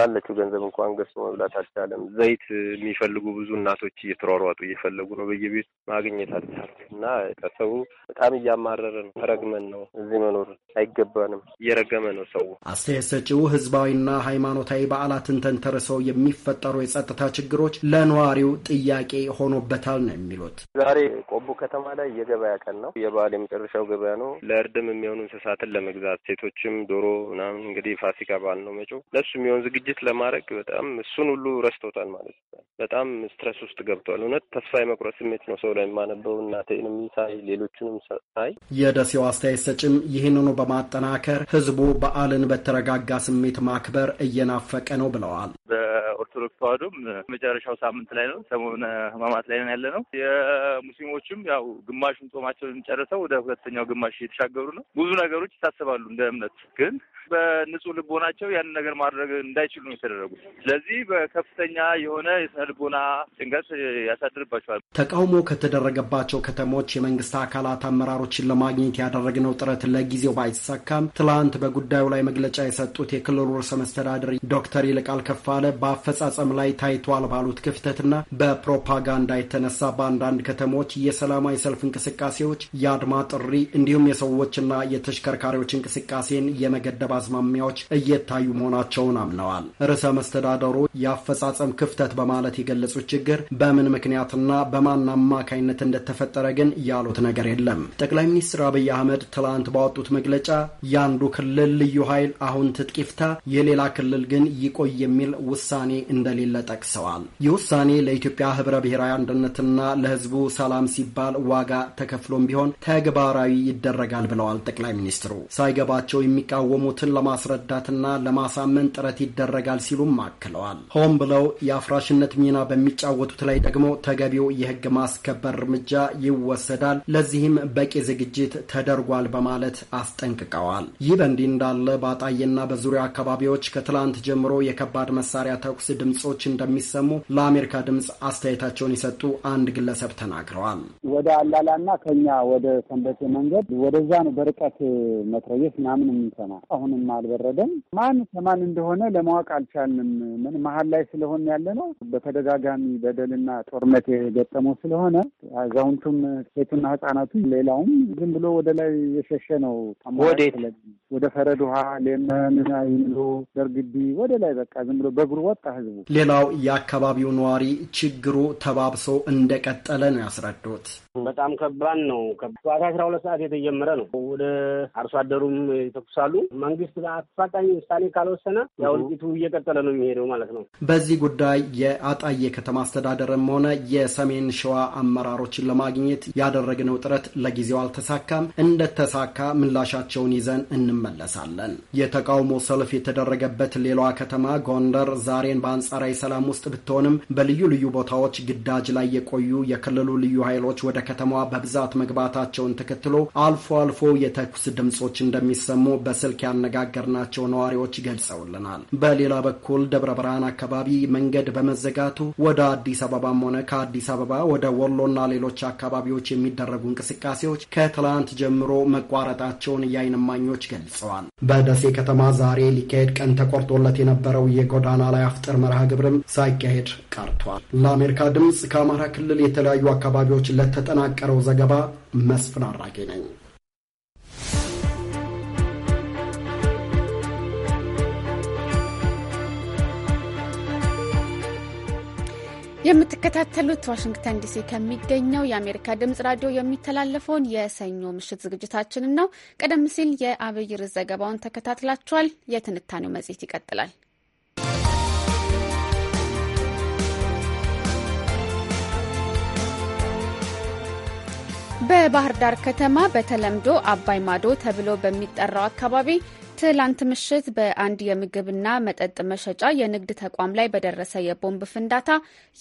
ባለችው ገንዘብ እንኳን ገዝቶ መብላት አልቻለም። ዘይት የሚፈልጉ ብዙ እናቶች እየተሯሯጡ እየፈለጉ ነው። በየቤቱ ማግኘት አልቻለም እና ከሰው በጣም እያማረረ ነው። ተረግመን ነው እዚህ መኖር አይገባንም። እየረገመ ነው ሰው። አስተያየት ሰጪው ህዝባዊና ሃይማኖታዊ በዓላትን ተንተርሰው የሚፈጠሩ የጸጥታ ችግሮች ለነዋሪው ጥያቄ ሆኖበታል ነው የሚሉት። ዛሬ ቆቦ ከተማ ላይ የገበያ ቀን ነው። የበዓል የመጨረሻው ገበያ ነው። ለእርድም የሚሆኑ እንስሳትን ለመግዛት ሴቶችም ዶሮ ምናምን እንግዲህ ፋሲካ በዓል ነው መጪው ለሱ የሚሆን ዝግጅት ሪሌት ለማድረግ በጣም እሱን ሁሉ ረስተውታል ማለት ነው። በጣም ስትረስ ውስጥ ገብቷል። እውነት ተስፋ የመቁረጥ ስሜት ነው ሰው ላይ የማነበው። እናቴንም ሳይ ሌሎችንም ሳይ የደሴው አስተያየት ሰጭም ይህንኑ በማጠናከር ህዝቡ በዓልን በተረጋጋ ስሜት ማክበር እየናፈቀ ነው ብለዋል። በኦርቶዶክስ ተዋሕዶም መጨረሻው ሳምንት ላይ ነው፣ ሰሞነ ህማማት ላይ ነው ያለ ነው። የሙስሊሞችም ያው ግማሹን ጾማቸውን ጨርሰው ወደ ሁለተኛው ግማሽ እየተሻገሩ ነው። ብዙ ነገሮች ይታሰባሉ እንደ እምነት ግን በንጹህ ልቦናቸው ያንን ነገር ማድረግ እንዳይችሉ ነው የተደረጉት። ስለዚህ በከፍተኛ የሆነ የስነ ልቦና ጭንቀት ያሳድርባቸዋል። ተቃውሞ ከተደረገባቸው ከተሞች የመንግስት አካላት አመራሮችን ለማግኘት ያደረግነው ጥረት ለጊዜው ባይሳካም ትላንት በጉዳዩ ላይ መግለጫ የሰጡት የክልሉ ርዕሰ መስተዳድር ዶክተር ይልቃል ከፋለ በአፈጻጸም ላይ ታይቷል ባሉት ክፍተትና በፕሮፓጋንዳ የተነሳ በአንዳንድ ከተሞች የሰላማዊ ሰልፍ እንቅስቃሴዎች፣ የአድማ ጥሪ እንዲሁም የሰዎችና የተሽከርካሪዎች እንቅስቃሴን የመገደባ አዝማሚያዎች እየታዩ መሆናቸውን አምነዋል። ርዕሰ መስተዳደሩ የአፈጻጸም ክፍተት በማለት የገለጹት ችግር በምን ምክንያትና በማን አማካይነት እንደተፈጠረ ግን ያሉት ነገር የለም። ጠቅላይ ሚኒስትር አብይ አህመድ ትላንት ባወጡት መግለጫ የአንዱ ክልል ልዩ ኃይል አሁን ትጥቅ ይፍታ፣ የሌላ ክልል ግን ይቆይ የሚል ውሳኔ እንደሌለ ጠቅሰዋል። ይህ ውሳኔ ለኢትዮጵያ ህብረ ብሔራዊ አንድነትና ለህዝቡ ሰላም ሲባል ዋጋ ተከፍሎም ቢሆን ተግባራዊ ይደረጋል ብለዋል። ጠቅላይ ሚኒስትሩ ሳይገባቸው የሚቃወሙት ሰዎችን ለማስረዳትና ለማሳመን ጥረት ይደረጋል ሲሉም አክለዋል። ሆን ብለው የአፍራሽነት ሚና በሚጫወቱት ላይ ደግሞ ተገቢው የህግ ማስከበር እርምጃ ይወሰዳል፣ ለዚህም በቂ ዝግጅት ተደርጓል በማለት አስጠንቅቀዋል። ይህ በእንዲህ እንዳለ በአጣዬና በዙሪያው አካባቢዎች ከትላንት ጀምሮ የከባድ መሳሪያ ተኩስ ድምፆች እንደሚሰሙ ለአሜሪካ ድምፅ አስተያየታቸውን የሰጡ አንድ ግለሰብ ተናግረዋል። ወደ አላላና ከኛ ወደ ሰንበቴ መንገድ ወደዛ ነው በርቀት መትረየስ ምናምን የምንሰማ አሁን ምንም አልበረደም። ማን ከማን እንደሆነ ለማወቅ አልቻልንም። ምን መሀል ላይ ስለሆን ያለ ነው። በተደጋጋሚ በደልና ጦርነት የገጠመው ስለሆነ አዛውንቱም፣ ሴቱና ህጻናቱ፣ ሌላውም ዝም ብሎ ወደ ላይ የሸሸ ነው። ወዴት ወደ ፈረድ ውሃ፣ ሌመን፣ ይምሉ ደርግቢ ወደ ላይ በቃ ዝም ብሎ በእግሩ ወጣ ህዝቡ። ሌላው የአካባቢው ነዋሪ ችግሩ ተባብሶ እንደቀጠለ ነው ያስረዱት። በጣም ከባድ ነው። ጠዋት አስራ ሁለት ሰዓት የተጀመረ ነው። ወደ አርሶ አደሩም ይተኩሳሉ። መንግስት አፋጣኝ ውሳኔ ካልወሰነ ያው እልቂቱ እየቀጠለ ነው የሚሄደው ማለት ነው። በዚህ ጉዳይ የአጣዬ ከተማ አስተዳደርም ሆነ የሰሜን ሸዋ አመራሮችን ለማግኘት ያደረግነው ጥረት ለጊዜው አልተሳካም። እንደተሳካ ምላሻቸውን ይዘን እንመ እንመለሳለን። የተቃውሞ ሰልፍ የተደረገበት ሌላዋ ከተማ ጎንደር ዛሬን በአንጻራዊ ሰላም ውስጥ ብትሆንም በልዩ ልዩ ቦታዎች ግዳጅ ላይ የቆዩ የክልሉ ልዩ ኃይሎች ወደ ከተማዋ በብዛት መግባታቸውን ተከትሎ አልፎ አልፎ የተኩስ ድምፆች እንደሚሰሙ በስልክ ያነጋገርናቸው ነዋሪዎች ገልጸውልናል። በሌላ በኩል ደብረ ብርሃን አካባቢ መንገድ በመዘጋቱ ወደ አዲስ አበባም ሆነ ከአዲስ አበባ ወደ ወሎና ሌሎች አካባቢዎች የሚደረጉ እንቅስቃሴዎች ከትላንት ጀምሮ መቋረጣቸውን የአይንማኞች ገለጹ። ገልጸዋል። በደሴ ከተማ ዛሬ ሊካሄድ ቀን ተቆርጦለት የነበረው የጎዳና ላይ አፍጥር መርሃ ግብርም ሳይካሄድ ቀርቷል። ለአሜሪካ ድምፅ ከአማራ ክልል የተለያዩ አካባቢዎች ለተጠናቀረው ዘገባ መስፍን አራጌ ነኝ። የምትከታተሉት ዋሽንግተን ዲሲ ከሚገኘው የአሜሪካ ድምጽ ራዲዮ የሚተላለፈውን የሰኞ ምሽት ዝግጅታችንን ነው። ቀደም ሲል የአብይ ርዕስ ዘገባውን ተከታትላችኋል። የትንታኔው መጽሔት ይቀጥላል። በባህር ዳር ከተማ በተለምዶ አባይ ማዶ ተብሎ በሚጠራው አካባቢ ትላንት ምሽት በአንድ የምግብና መጠጥ መሸጫ የንግድ ተቋም ላይ በደረሰ የቦምብ ፍንዳታ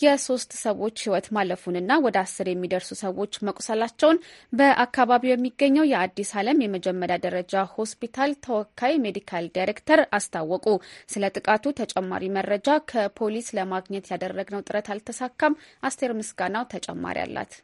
የሶስት ሰዎች ሕይወት ማለፉንና ወደ አስር የሚደርሱ ሰዎች መቁሰላቸውን በአካባቢው የሚገኘው የአዲስ ዓለም የመጀመሪያ ደረጃ ሆስፒታል ተወካይ ሜዲካል ዳይሬክተር አስታወቁ። ስለ ጥቃቱ ተጨማሪ መረጃ ከፖሊስ ለማግኘት ያደረግነው ጥረት አልተሳካም። አስቴር ምስጋናው ተጨማሪ አላት።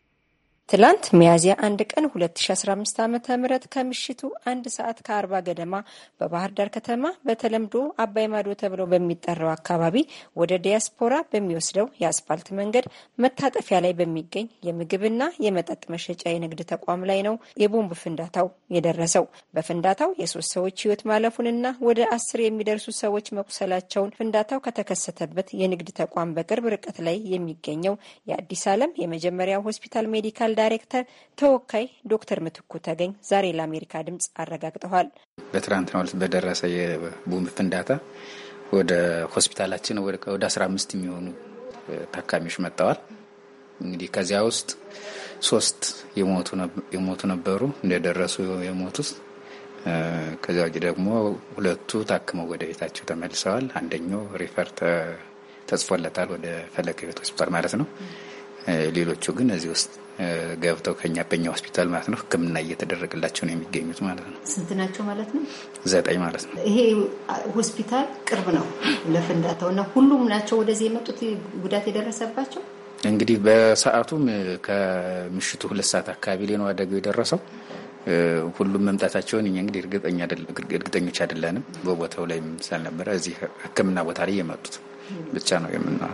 ትላንት ሚያዝያ አንድ ቀን 2015 ዓ ም ከምሽቱ አንድ ሰዓት ከአርባ ገደማ በባህር ዳር ከተማ በተለምዶ አባይ ማዶ ተብሎ በሚጠራው አካባቢ ወደ ዲያስፖራ በሚወስደው የአስፋልት መንገድ መታጠፊያ ላይ በሚገኝ የምግብና የመጠጥ መሸጫ የንግድ ተቋም ላይ ነው የቦምብ ፍንዳታው የደረሰው። በፍንዳታው የሶስት ሰዎች ህይወት ማለፉንና ወደ አስር የሚደርሱ ሰዎች መቁሰላቸውን ፍንዳታው ከተከሰተበት የንግድ ተቋም በቅርብ ርቀት ላይ የሚገኘው የአዲስ ዓለም የመጀመሪያ ሆስፒታል ሜዲካል ዳይሬክተር ተወካይ ዶክተር ምትኩ ተገኝ ዛሬ ለአሜሪካ ድምፅ አረጋግጠዋል። በትናንትናው ዕለት በደረሰ የቦምብ ፍንዳታ ወደ ሆስፒታላችን ወደ 15 የሚሆኑ ታካሚዎች መጥተዋል። እንግዲህ ከዚያ ውስጥ ሶስት የሞቱ ነበሩ እንደደረሱ የሞቱት ከዚያ ውጭ ደግሞ ሁለቱ ታክመው ወደ ቤታቸው ተመልሰዋል። አንደኛው ሪፈር ተጽፎለታል ወደ ፈለገ ቤት ሆስፒታል ማለት ነው። ሌሎቹ ግን እዚህ ውስጥ ገብተው ከኛ በኛ ሆስፒታል ማለት ነው ሕክምና እየተደረገላቸው ነው የሚገኙት ማለት ነው። ስንት ናቸው ማለት ነው? ዘጠኝ ማለት ነው። ይሄ ሆስፒታል ቅርብ ነው ለፍንዳታው እና ሁሉም ናቸው ወደዚህ የመጡት ጉዳት የደረሰባቸው እንግዲህ በሰዓቱም ከምሽቱ ሁለት ሰዓት አካባቢ ላይ ነው አደገው የደረሰው። ሁሉም መምጣታቸውን እኛ እንግዲህ እርግጠኞች አይደለንም፣ በቦታው ላይ ስላልነበረ እዚህ ሕክምና ቦታ ላይ የመጡት ብቻ ነው የምናው።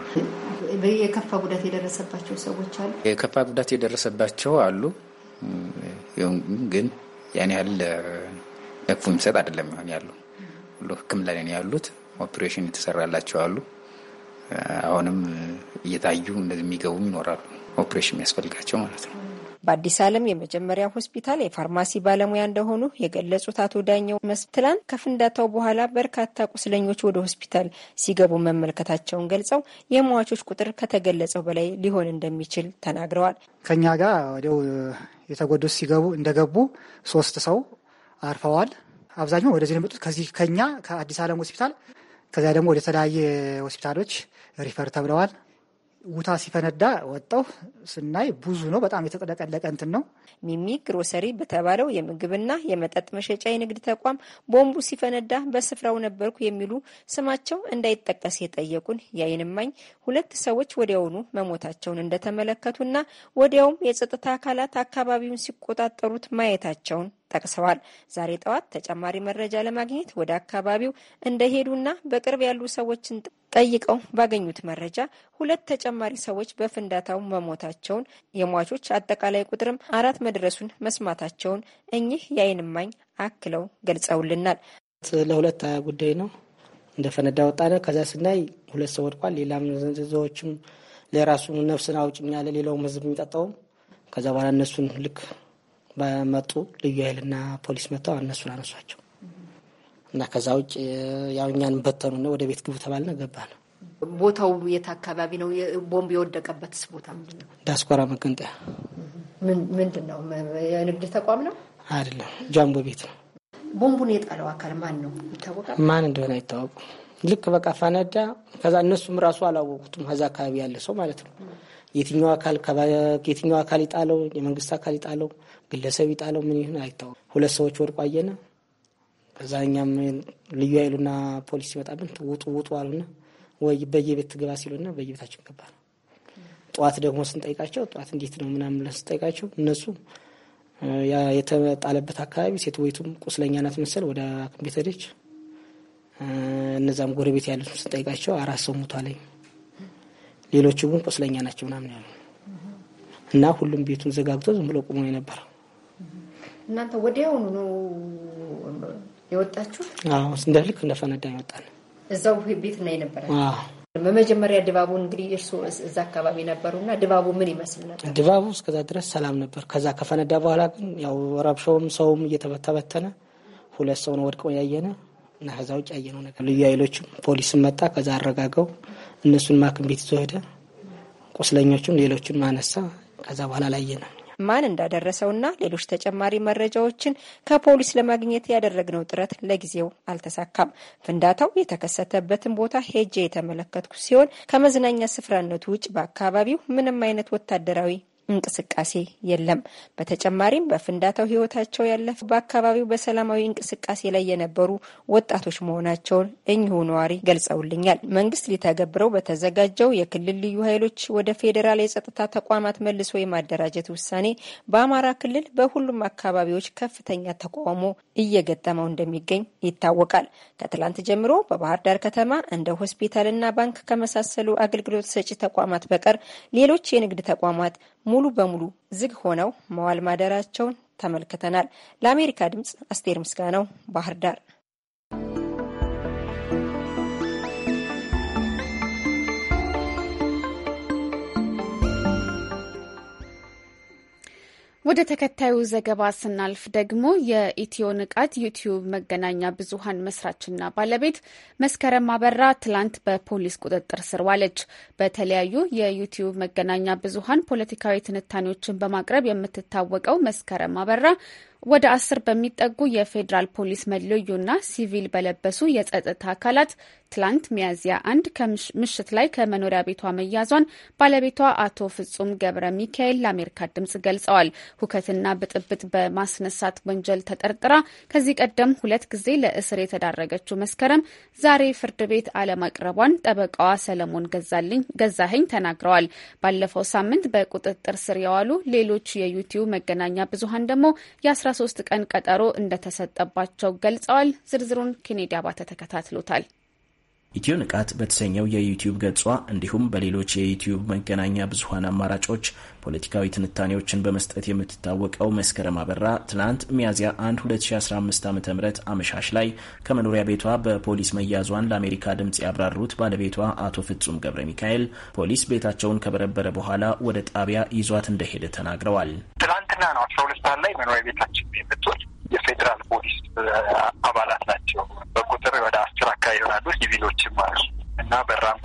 የከፋ ጉዳት የደረሰባቸው ሰዎች አሉ። የከፋ ጉዳት የደረሰባቸው አሉ፣ ግን ያን ያህል ለክፉ የሚሰጥ አይደለም። ሆን ያሉ ሁሉ ሕክምና ላይ ነው ያሉት። ኦፕሬሽን የተሰራላቸው አሉ። አሁንም እየታዩ እንደዚህ የሚገቡም ይኖራሉ፣ ኦፕሬሽን የሚያስፈልጋቸው ማለት ነው። በአዲስ ዓለም የመጀመሪያ ሆስፒታል የፋርማሲ ባለሙያ እንደሆኑ የገለጹት አቶ ዳኘው መስፍን ትላንት ከፍንዳታው በኋላ በርካታ ቁስለኞች ወደ ሆስፒታል ሲገቡ መመልከታቸውን ገልጸው የሟቾች ቁጥር ከተገለጸው በላይ ሊሆን እንደሚችል ተናግረዋል። ከኛ ጋር ወዲያው የተጎዱት ሲገቡ እንደገቡ ሶስት ሰው አርፈዋል። አብዛኛው ወደዚህ የመጡት ከዚህ ከኛ ከአዲስ ዓለም ሆስፒታል ከዚያ ደግሞ ወደ ተለያየ ሆስፒታሎች ሪፈር ተብለዋል። ውታ ሲፈነዳ ወጣው ስናይ ብዙ ነው። በጣም የተጠለቀለቀ እንትን ነው። ሚሚ ግሮሰሪ በተባለው የምግብና የመጠጥ መሸጫ የንግድ ተቋም ቦምቡ ሲፈነዳ በስፍራው ነበርኩ የሚሉ ስማቸው እንዳይጠቀስ የጠየቁን የአይንማኝ ሁለት ሰዎች ወዲያውኑ መሞታቸውን እንደተመለከቱና ወዲያውም የጸጥታ አካላት አካባቢውን ሲቆጣጠሩት ማየታቸውን ጠቅሰዋል። ዛሬ ጠዋት ተጨማሪ መረጃ ለማግኘት ወደ አካባቢው እንደሄዱና በቅርብ ያሉ ሰዎችን ጠይቀው ባገኙት መረጃ ሁለት ተጨማሪ ሰዎች በፍንዳታው መሞታቸውን የሟቾች አጠቃላይ ቁጥርም አራት መድረሱን መስማታቸውን እኚህ የዓይን እማኝ አክለው ገልጸውልናል። ለሁለት ሀያ ጉዳይ ነው እንደ ፈነዳ ወጣነ። ከዛ ስናይ ሁለት ሰው ወድቋል። ሌላም ዘዎችም ለራሱ ነፍስን አውጭ ያለ ሌላውም ህዝብ የሚጠጣውም ከዛ በኋላ እነሱን ልክ በመጡ ልዩ ኃይልና ፖሊስ መጥተው እነሱን አነሷቸው እና ከዛ ውጭ ያው እኛን ነው ወደ ቤት ግቡ ተባልነ ገባ ነው። ቦታው የት አካባቢ ነው? ቦምብ የወደቀበትስ ቦታ ምንድን ነው? ዳስኮራ መገንጠያ ምንድን ነው? የንግድ ተቋም ነው አይደለም፣ ጃምቦ ቤት ነው። ቦምቡን የጣለው አካል ማን ነው ይታወቃል? ማን እንደሆነ አይታወቁም። ልክ በቃ ፈነዳ። ከዛ እነሱም ራሱ አላወቁትም፣ ከዛ አካባቢ ያለ ሰው ማለት ነው። የትኛው አካል የትኛው አካል ይጣለው፣ የመንግስት አካል ይጣለው፣ ግለሰብ ይጣለው፣ ምን ይሁን አይታወቅም። ሁለት ሰዎች ወድቆ አየነ። ከዛ እኛም ልዩ ኃይሉና ፖሊስ ይመጣብን ውጡ ውጡ አሉና ወይ በየቤት ግባ ሲሉና በየቤታችን ገባ ነው። ጠዋት ደግሞ ስንጠይቃቸው ጠዋት እንዴት ነው ምናምን ብለን ስንጠይቃቸው እነሱ የተጣለበት አካባቢ ሴት ወይቱም ቁስለኛ ናት መሰል ወደ ሐኪም ቤት ሄደች። እነዛም ጎረቤት ያሉት ስንጠይቃቸው አራት ሰው ሙቷ ሌሎቹ ግን ቁስለኛ ናቸው ምናምን ያሉ እና ሁሉም ቤቱን ዘጋግቶ ዝም ብሎ ቁሞ የነበረው እናንተ ወዲያውኑ ነው የወጣችሁ? እንደ ልክ እንደፈነዳ ይወጣል። እዛው ቤት ነው የነበረ። በመጀመሪያ ድባቡ እንግዲህ እርሱ እዛ አካባቢ እና ድባቡ ምን ይመስል ነበር? ድባቡ እስከዛ ድረስ ሰላም ነበር። ከዛ ከፈነዳ በኋላ ግን ያው ረብሻውም ሰውም እየተበተበተነ ሁለት ሰው ነው ወድቀው ያየነ እና ከዛ ውጭ ያየነው ነገር ልዩ ኃይሎችም ፖሊስም መጣ። ከዛ አረጋገው እነሱን ማክም ቤት ይዞ ሄደ። ቁስለኞቹን ሌሎቹን ማነሳ። ከዛ በኋላ ላየ ነው ማን እንዳደረሰውና ሌሎች ተጨማሪ መረጃዎችን ከፖሊስ ለማግኘት ያደረግነው ጥረት ለጊዜው አልተሳካም። ፍንዳታው የተከሰተበትን ቦታ ሄጄ የተመለከትኩ ሲሆን ከመዝናኛ ስፍራነቱ ውጭ በአካባቢው ምንም አይነት ወታደራዊ እንቅስቃሴ የለም። በተጨማሪም በፍንዳታው ህይወታቸው ያለፈ በአካባቢው በሰላማዊ እንቅስቃሴ ላይ የነበሩ ወጣቶች መሆናቸውን እኚሁ ነዋሪ ገልጸውልኛል። መንግስት ሊተገብረው በተዘጋጀው የክልል ልዩ ኃይሎች ወደ ፌዴራል የጸጥታ ተቋማት መልሶ የማደራጀት ውሳኔ በአማራ ክልል በሁሉም አካባቢዎች ከፍተኛ ተቃውሞ እየገጠመው እንደሚገኝ ይታወቃል። ከትላንት ጀምሮ በባህር ዳር ከተማ እንደ ሆስፒታልና ባንክ ከመሳሰሉ አገልግሎት ሰጪ ተቋማት በቀር ሌሎች የንግድ ተቋማት ሙሉ በሙሉ ዝግ ሆነው መዋል ማደራቸውን ተመልክተናል። ለአሜሪካ ድምጽ አስቴር ምስጋናው ባህር ዳር ወደ ተከታዩ ዘገባ ስናልፍ ደግሞ የኢትዮ ንቃት ዩቲዩብ መገናኛ ብዙሀን መስራችና ባለቤት መስከረም አበራ ትላንት በፖሊስ ቁጥጥር ስር ዋለች። በተለያዩ የዩቲዩብ መገናኛ ብዙሀን ፖለቲካዊ ትንታኔዎችን በማቅረብ የምትታወቀው መስከረም አበራ ወደ አስር በሚጠጉ የፌዴራል ፖሊስ መለዮና ሲቪል በለበሱ የጸጥታ አካላት ትላንት ሚያዝያ አንድ ምሽት ላይ ከመኖሪያ ቤቷ መያዟን ባለቤቷ አቶ ፍጹም ገብረ ሚካኤል ለአሜሪካ ድምጽ ገልጸዋል። ሁከትና ብጥብጥ በማስነሳት ወንጀል ተጠርጥራ ከዚህ ቀደም ሁለት ጊዜ ለእስር የተዳረገችው መስከረም ዛሬ ፍርድ ቤት አለማቅረቧን ጠበቃዋ ሰለሞን ገዛኸኝ ተናግረዋል። ባለፈው ሳምንት በቁጥጥር ስር የዋሉ ሌሎች የዩቲዩብ መገናኛ ብዙሀን ደግሞ የአስራ 13 ቀን ቀጠሮ እንደተሰጠባቸው ገልጸዋል። ዝርዝሩን ኬኔዲ አባተ ተከታትሎታል። ኢትዮ ንቃት በተሰኘው የዩቲዩብ ገጿ እንዲሁም በሌሎች የዩቲዩብ መገናኛ ብዙሀን አማራጮች ፖለቲካዊ ትንታኔዎችን በመስጠት የምትታወቀው መስከረም አበራ ትናንት ሚያዝያ 1 2015 ዓ ም አመሻሽ ላይ ከመኖሪያ ቤቷ በፖሊስ መያዟን ለአሜሪካ ድምፅ ያብራሩት ባለቤቷ አቶ ፍጹም ገብረ ሚካኤል ፖሊስ ቤታቸውን ከበረበረ በኋላ ወደ ጣቢያ ይዟት እንደሄደ ተናግረዋል። ትናንትና ነው አስራ ሁለት ሰዓት ላይ መኖሪያ ቤታችን የመጡት የፌዴራል ፖሊስ አባላት ናቸው። በቁጥር ወደ አስር አካባቢ ይሆናሉ ሲቪሎች በራም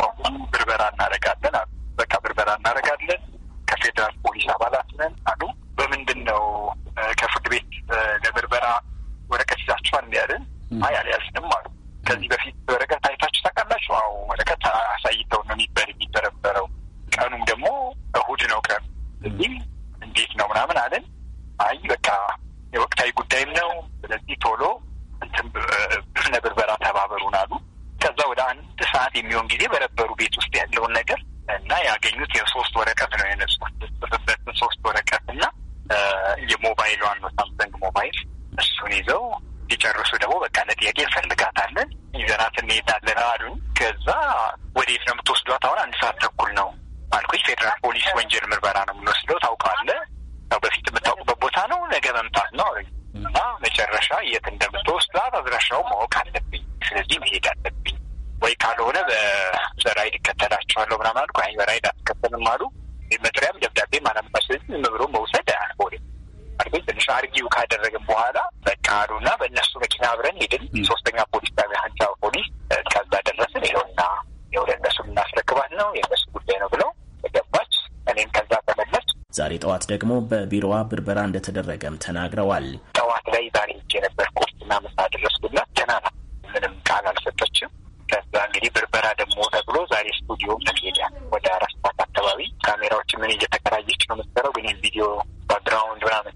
በቢሮዋ ብርበራ እንደተደረገም ተናግረዋል። ጠዋት ላይ ዛሬ ሄጄ ነበር። ቁርስና ምሳ ደረስኩላት። ገና ናት፣ ምንም ቃል አልሰጠችም። ከዛ እንግዲህ ብርበራ ደግሞ ተብሎ ዛሬ ስቱዲዮም ተሄደ። ወደ አራት ሰዓት አካባቢ ካሜራዎች ምን እየተከራየች ነው የምትሰራው፣ ግን ቪዲዮ ባግራውንድ ምናምን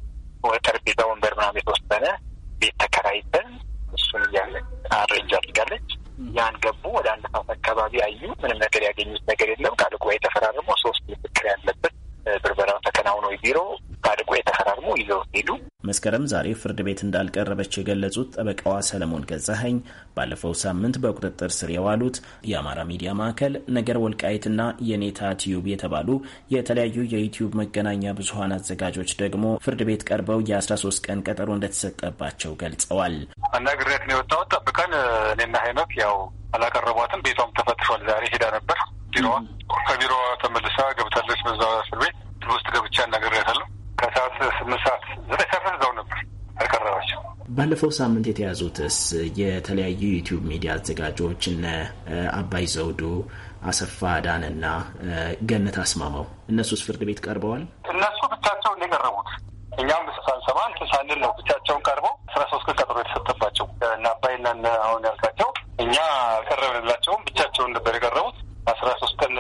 ጠረጴዛ ወንበር ምናምን የተወሰነ ቤት ተከራይተን እሱን እያለ አሬንጅ አድርጋለች። ያን ገቡ። ወደ አንድ ሰዓት አካባቢ አዩ። ምንም ነገር ያገኙት ነገር የለም። ቃል ጉባኤ ተፈራርሞ ሶስት ምስክር ያለ መስከረም ዛሬ ፍርድ ቤት እንዳልቀረበች የገለጹት ጠበቃዋ ሰለሞን ገዛኸኝ ባለፈው ሳምንት በቁጥጥር ስር የዋሉት የአማራ ሚዲያ ማዕከል፣ ነገር ወልቃይትና የኔታ ቲዩብ የተባሉ የተለያዩ የዩቲዩብ መገናኛ ብዙሀን አዘጋጆች ደግሞ ፍርድ ቤት ቀርበው የ13 ቀን ቀጠሮ እንደተሰጠባቸው ገልጸዋል። አናግሬያት ነው የወጣሁት። ጠብቀን እኔና ሀይኖክ ያው አላቀረቧትም። ቤቷም ተፈትሿል። ዛሬ ሄዳ ነበር ቢሮዋ። ከቢሮ ተመልሳ ገብታለች። በዛ እስር ቤት ውስጥ ገብቻ አናግሬያታለሁ። ከሰዓት ስምንት ሰዓት ባለፈው ሳምንት የተያዙትስ የተለያዩ ዩቲዩብ ሚዲያ አዘጋጆች እነ አባይ ዘውዱ፣ አሰፋ አዳን እና ገነት አስማማው እነሱስ ፍርድ ቤት ቀርበዋል? እነሱ ብቻቸውን የቀረቡት እኛም ሳንሰማ እንትን ሳንል ነው ብቻቸውን ቀርበው አስራ ሶስት ቀን ቀጠሮ የተሰጠባቸው እና አባይና አሁን ያልካቸው እኛ ቀረብንላቸውም ብቻቸውን ነበር የቀረቡት። አስራ ሶስት ቀን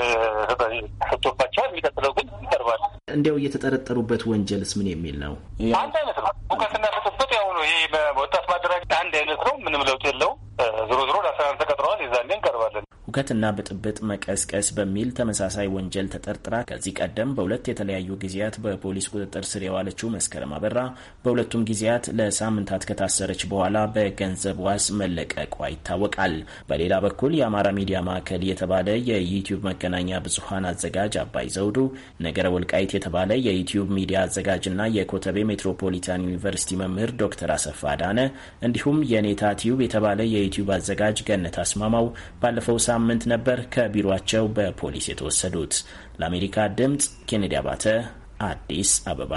ሰጥቶባቸዋል። የሚቀጥለው ግን ይቀርባል። እንዲያው እየተጠረጠሩበት ወንጀልስ ምን የሚል ነው? አንድ አይነት ሁከትና ብጥብጥ መቀስቀስ በሚል ተመሳሳይ ወንጀል ተጠርጥራ ከዚህ ቀደም በሁለት የተለያዩ ጊዜያት በፖሊስ ቁጥጥር ስር የዋለችው መስከረም አበራ በሁለቱም ጊዜያት ለሳምንታት ከታሰረች በኋላ በገንዘብ ዋስ መለቀቋ ይታወቃል። በሌላ በኩል የአማራ ሚዲያ ማዕከል የተባለ የዩትዩብ መገናኛ ብዙሀን አዘጋጅ አባይ ዘውዱ ነገረ ወልቃይት የተባለ የዩትዩብ ሚዲያ አዘጋጅና የኮተቤ ሜትሮፖሊታን ዩኒቨርሲቲ መምህር ዶክተር አሰፋ አዳነ እንዲሁም የኔታ ቲዩብ የተባለ የዩትዩብ አዘጋጅ ገነት አስማማው ባለፈው ሳምንት ሳምንት ነበር ከቢሮቸው በፖሊስ የተወሰዱት። ለአሜሪካ ድምፅ ኬኔዲ አባተ አዲስ አበባ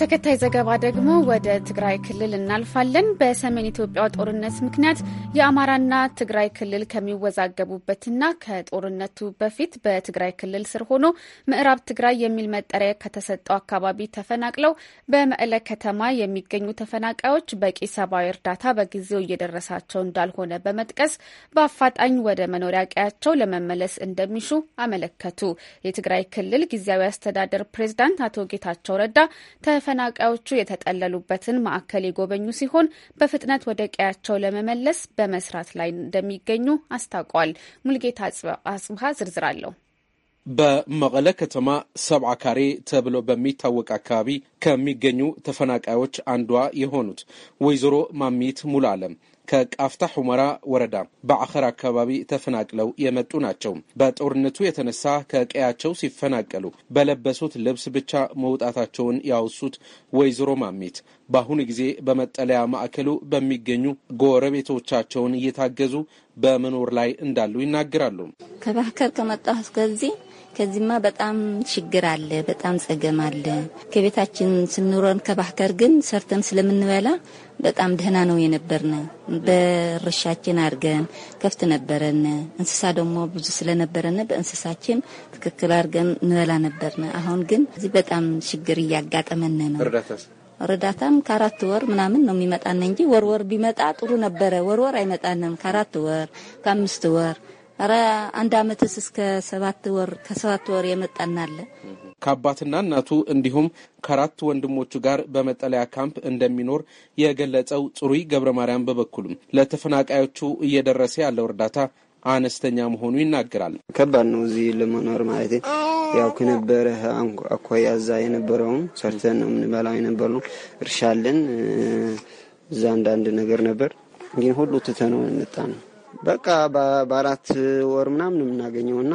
ተከታይ ዘገባ ደግሞ ወደ ትግራይ ክልል እናልፋለን። በሰሜን ኢትዮጵያ ጦርነት ምክንያት የአማራና ትግራይ ክልል ከሚወዛገቡበትና ከጦርነቱ በፊት በትግራይ ክልል ስር ሆኖ ምዕራብ ትግራይ የሚል መጠሪያ ከተሰጠው አካባቢ ተፈናቅለው በመቀለ ከተማ የሚገኙ ተፈናቃዮች በቂ ሰብአዊ እርዳታ በጊዜው እየደረሳቸው እንዳልሆነ በመጥቀስ በአፋጣኝ ወደ መኖሪያ ቀያቸው ለመመለስ እንደሚሹ አመለከቱ። የትግራይ ክልል ጊዜያዊ አስተዳደር ፕሬዝዳንት አቶ ጌታቸው ረዳ ተፈናቃዮቹ የተጠለሉበትን ማዕከል የጎበኙ ሲሆን በፍጥነት ወደ ቀያቸው ለመመለስ በመስራት ላይ እንደሚገኙ አስታውቋል። ሙልጌታ አጽብሃ ዝርዝር አለው። በመቀለ ከተማ ሰብዓ ካሬ ተብሎ በሚታወቅ አካባቢ ከሚገኙ ተፈናቃዮች አንዷ የሆኑት ወይዘሮ ማሚት ሙሉ አለም ከቃፍታ ሑመራ ወረዳ በአኸር አካባቢ ተፈናቅለው የመጡ ናቸው። በጦርነቱ የተነሳ ከቀያቸው ሲፈናቀሉ በለበሱት ልብስ ብቻ መውጣታቸውን ያወሱት ወይዘሮ ማሚት በአሁኑ ጊዜ በመጠለያ ማዕከሉ በሚገኙ ጎረቤቶቻቸውን እየታገዙ በመኖር ላይ እንዳሉ ይናገራሉ። ከባህከር ከመጣሁ እስከዚህ ከዚህማ በጣም ችግር አለ፣ በጣም ጸገም አለ። ከቤታችን ስንኖረን ከባህከር ግን ሰርተን ስለምንበላ በጣም ደህና ነው የነበርን። በእርሻችን አድርገን ከፍት ነበረን። እንስሳ ደግሞ ብዙ ስለነበረን በእንስሳችን ትክክል አድርገን እንበላ ነበርን። አሁን ግን እዚህ በጣም ችግር እያጋጠመን ነው። እርዳታም ከአራት ወር ምናምን ነው የሚመጣን እንጂ ወርወር ቢመጣ ጥሩ ነበረ። ወርወር አይመጣንም። ከአራት ወር ከአምስት ወር ኧረ አንድ አመትስ እስከ ሰባት ወር ከሰባት ወር የመጣናለ ከአባትና እናቱ እንዲሁም ከአራት ወንድሞቹ ጋር በመጠለያ ካምፕ እንደሚኖር የገለጸው ጽሩይ ገብረ ማርያም በበኩሉም ለተፈናቃዮቹ እየደረሰ ያለው እርዳታ አነስተኛ መሆኑ ይናገራል። ከባድ ነው እዚህ ለመኖር ማለት ያው ከነበረ አኳያ እዛ የነበረውን ሰርተን ነው የምንበላው የነበር ነው እርሻለን እዛ አንዳንድ ነገር ነበር ግን ሁሉ ትተነው እንጣ ነው በቃ በአራት ወር ምናምን የምናገኘው እና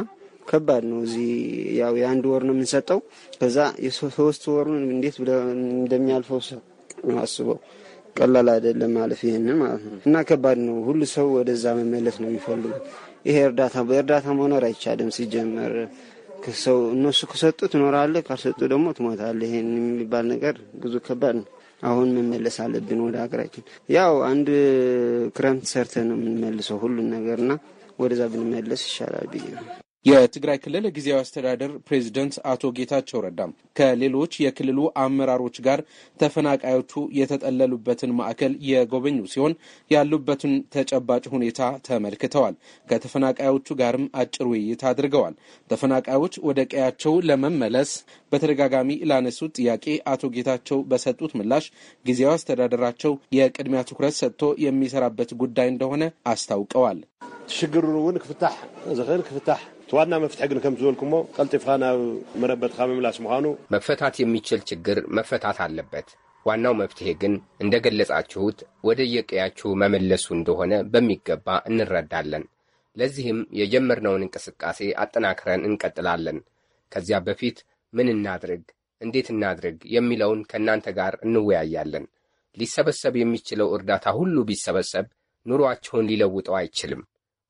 ከባድ ነው። እዚህ ያው የአንድ ወር ነው የምንሰጠው። ከዛ የሶስት ወሩን እንዴት እንደሚያልፈው አስበው። ቀላል አይደለም ማለፍ ይሄንን ማለት ነው እና ከባድ ነው። ሁሉ ሰው ወደዛ መመለስ ነው የሚፈልጉ። ይሄ እርዳታ በእርዳታ መኖር አይቻልም ሲጀመር ሰው እነሱ ከሰጡ ትኖራለህ፣ ካልሰጡ ደግሞ ትሞታለህ። ይሄን የሚባል ነገር ብዙ ከባድ ነው። አሁን መመለስ አለብን ወደ ሀገራችን። ያው አንድ ክረምት ሰርተን ነው የምንመልሰው ሁሉን ነገርና ወደዛ ብንመለስ ይሻላል ብዬ ነው። የትግራይ ክልል ጊዜያዊ አስተዳደር ፕሬዚደንት አቶ ጌታቸው ረዳም ከሌሎች የክልሉ አመራሮች ጋር ተፈናቃዮቹ የተጠለሉበትን ማዕከል የጎበኙ ሲሆን ያሉበትን ተጨባጭ ሁኔታ ተመልክተዋል። ከተፈናቃዮቹ ጋርም አጭር ውይይት አድርገዋል። ተፈናቃዮች ወደ ቀያቸው ለመመለስ በተደጋጋሚ ላነሱት ጥያቄ አቶ ጌታቸው በሰጡት ምላሽ ጊዜያዊ አስተዳደራቸው የቅድሚያ ትኩረት ሰጥቶ የሚሰራበት ጉዳይ እንደሆነ አስታውቀዋል። ሽግር እውን ክፍታሕ ዝኽእል ክፍታሕ ዋና መፍትሒ ግን ከም ሞ ቀልጢፍካ ናብ መረበትካ ምምላስ ምዃኑ መፈታት የሚችል ችግር መፈታት አለበት። ዋናው መፍትሄ ግን እንደገለጻችሁት ወደ የቀያችሁ መመለሱ እንደሆነ በሚገባ እንረዳለን። ለዚህም የጀመርነውን እንቅስቃሴ አጠናክረን እንቀጥላለን። ከዚያ በፊት ምን እናድርግ፣ እንዴት እናድርግ የሚለውን ከእናንተ ጋር እንወያያለን። ሊሰበሰብ የሚችለው እርዳታ ሁሉ ቢሰበሰብ ኑሮአችሁን ሊለውጠው አይችልም።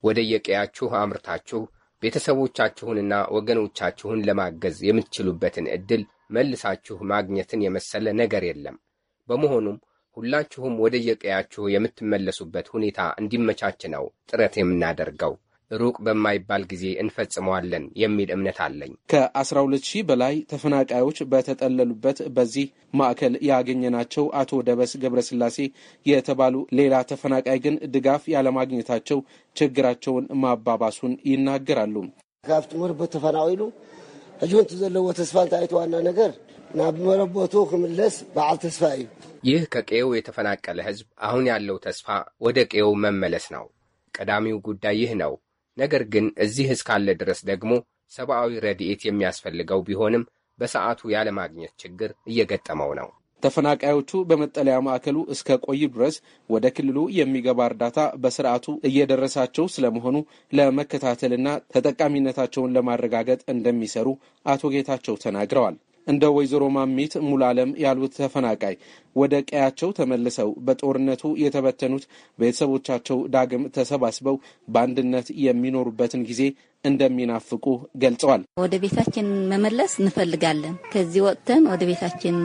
ወደ የቀያችሁ አምርታችሁ ቤተሰቦቻችሁንና ወገኖቻችሁን ለማገዝ የምትችሉበትን ዕድል መልሳችሁ ማግኘትን የመሰለ ነገር የለም። በመሆኑም ሁላችሁም ወደ የቀያችሁ የምትመለሱበት ሁኔታ እንዲመቻች ነው ጥረት የምናደርገው። ሩቅ በማይባል ጊዜ እንፈጽመዋለን የሚል እምነት አለኝ። ከ12 ሺህ በላይ ተፈናቃዮች በተጠለሉበት በዚህ ማዕከል ያገኘናቸው አቶ ደበስ ገብረስላሴ የተባሉ ሌላ ተፈናቃይ ግን ድጋፍ ያለማግኘታቸው ችግራቸውን ማባባሱን ይናገራሉ። ካብቲ መረቦት ተፈናቂሉ ሕጂውን ዘለዎ ተስፋ እንታይ ዋና ነገር ናብ መረቦቱ ክምለስ በዓል ተስፋ እዩ። ይህ ከቀየው የተፈናቀለ ህዝብ አሁን ያለው ተስፋ ወደ ቀየው መመለስ ነው። ቀዳሚው ጉዳይ ይህ ነው። ነገር ግን እዚህ እስካለ ድረስ ደግሞ ሰብአዊ ረድኤት የሚያስፈልገው ቢሆንም በሰዓቱ ያለማግኘት ችግር እየገጠመው ነው። ተፈናቃዮቹ በመጠለያ ማዕከሉ እስከ ቆዩ ድረስ ወደ ክልሉ የሚገባ እርዳታ በስርዓቱ እየደረሳቸው ስለመሆኑ ለመከታተልና ተጠቃሚነታቸውን ለማረጋገጥ እንደሚሰሩ አቶ ጌታቸው ተናግረዋል። እንደ ወይዘሮ ማሚት ሙላለም ያሉት ተፈናቃይ ወደ ቀያቸው ተመልሰው በጦርነቱ የተበተኑት ቤተሰቦቻቸው ዳግም ተሰባስበው በአንድነት የሚኖሩበትን ጊዜ እንደሚናፍቁ ገልጸዋል። ወደ ቤታችን መመለስ እንፈልጋለን። ከዚህ ወጥተን ወደ ቤታችን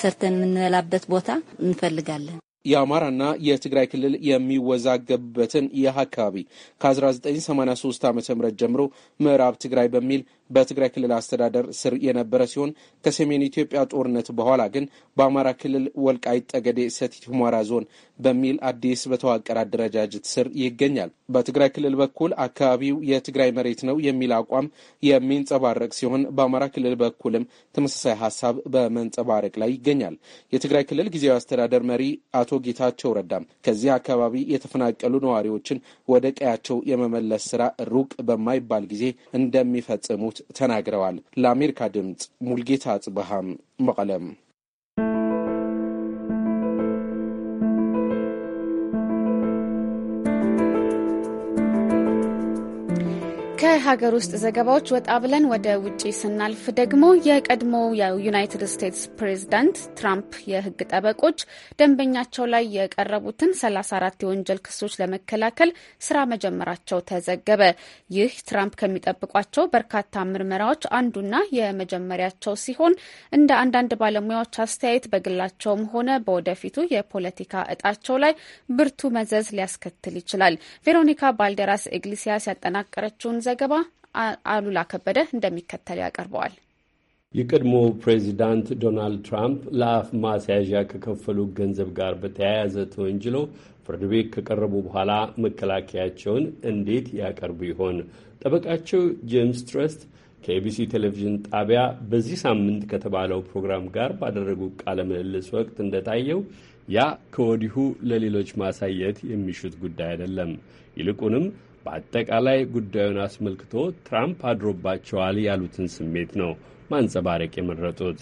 ሰርተን የምንበላበት ቦታ እንፈልጋለን። የአማራና የትግራይ ክልል የሚወዛገብበትን ይህ አካባቢ ከ1983 ዓ ም ጀምሮ ምዕራብ ትግራይ በሚል በትግራይ ክልል አስተዳደር ስር የነበረ ሲሆን ከሰሜን ኢትዮጵያ ጦርነት በኋላ ግን በአማራ ክልል ወልቃይት ጠገዴ፣ ሰቲት ሁመራ ዞን በሚል አዲስ በተዋቀረ አደረጃጀት ስር ይገኛል። በትግራይ ክልል በኩል አካባቢው የትግራይ መሬት ነው የሚል አቋም የሚንጸባረቅ ሲሆን በአማራ ክልል በኩልም ተመሳሳይ ሀሳብ በመንጸባረቅ ላይ ይገኛል። የትግራይ ክልል ጊዜያዊ አስተዳደር መሪ አቶ ጌታቸው ረዳም ከዚህ አካባቢ የተፈናቀሉ ነዋሪዎችን ወደ ቀያቸው የመመለስ ስራ ሩቅ በማይባል ጊዜ እንደሚፈጽሙ። ተናግረዋል። ለአሜሪካ ድምፅ ሙልጌታ ጽብሃም መቀለም ሀገር ውስጥ ዘገባዎች ወጣ ብለን ወደ ውጭ ስናልፍ ደግሞ የቀድሞ የዩናይትድ ስቴትስ ፕሬዝዳንት ትራምፕ የህግ ጠበቆች ደንበኛቸው ላይ የቀረቡትን 34 የወንጀል ክሶች ለመከላከል ስራ መጀመራቸው ተዘገበ። ይህ ትራምፕ ከሚጠብቋቸው በርካታ ምርመራዎች አንዱና የመጀመሪያቸው ሲሆን እንደ አንዳንድ ባለሙያዎች አስተያየት በግላቸውም ሆነ በወደፊቱ የፖለቲካ እጣቸው ላይ ብርቱ መዘዝ ሊያስከትል ይችላል። ቬሮኒካ ባልደራስ ኤግሊሲያስ ያጠናቀረችውን ዘገባ አሉላ ከበደ እንደሚከተል ያቀርበዋል። የቀድሞ ፕሬዚዳንት ዶናልድ ትራምፕ ለአፍ ማስያዣ ከከፈሉ ገንዘብ ጋር በተያያዘ ተወንጅሎ ፍርድ ቤት ከቀረቡ በኋላ መከላከያቸውን እንዴት ያቀርቡ ይሆን? ጠበቃቸው ጄምስ ትረስት ከኤቢሲ ቴሌቪዥን ጣቢያ በዚህ ሳምንት ከተባለው ፕሮግራም ጋር ባደረጉ ቃለ ምልልስ ወቅት እንደታየው ያ ከወዲሁ ለሌሎች ማሳየት የሚሹት ጉዳይ አይደለም። ይልቁንም በአጠቃላይ ጉዳዩን አስመልክቶ ትራምፕ አድሮባቸዋል ያሉትን ስሜት ነው ማንጸባረቅ የመረጡት።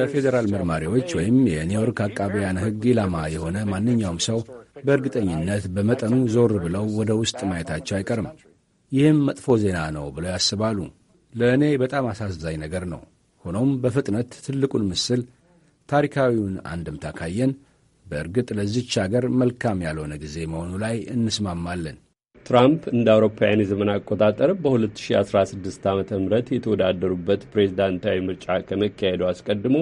የፌዴራል መርማሪዎች ወይም የኒውዮርክ አቃቢያን ሕግ ኢላማ የሆነ ማንኛውም ሰው በእርግጠኝነት በመጠኑ ዞር ብለው ወደ ውስጥ ማየታቸው አይቀርም። ይህም መጥፎ ዜና ነው ብለው ያስባሉ። ለእኔ በጣም አሳዛኝ ነገር ነው። ሆኖም በፍጥነት ትልቁን ምስል ታሪካዊውን አንድምታ ካየን በእርግጥ ለዚች አገር መልካም ያልሆነ ጊዜ መሆኑ ላይ እንስማማለን። ትራምፕ እንደ አውሮፓውያን የዘመን አቆጣጠር በ2016 ዓ ም የተወዳደሩበት ፕሬዚዳንታዊ ምርጫ ከመካሄዱ አስቀድሞ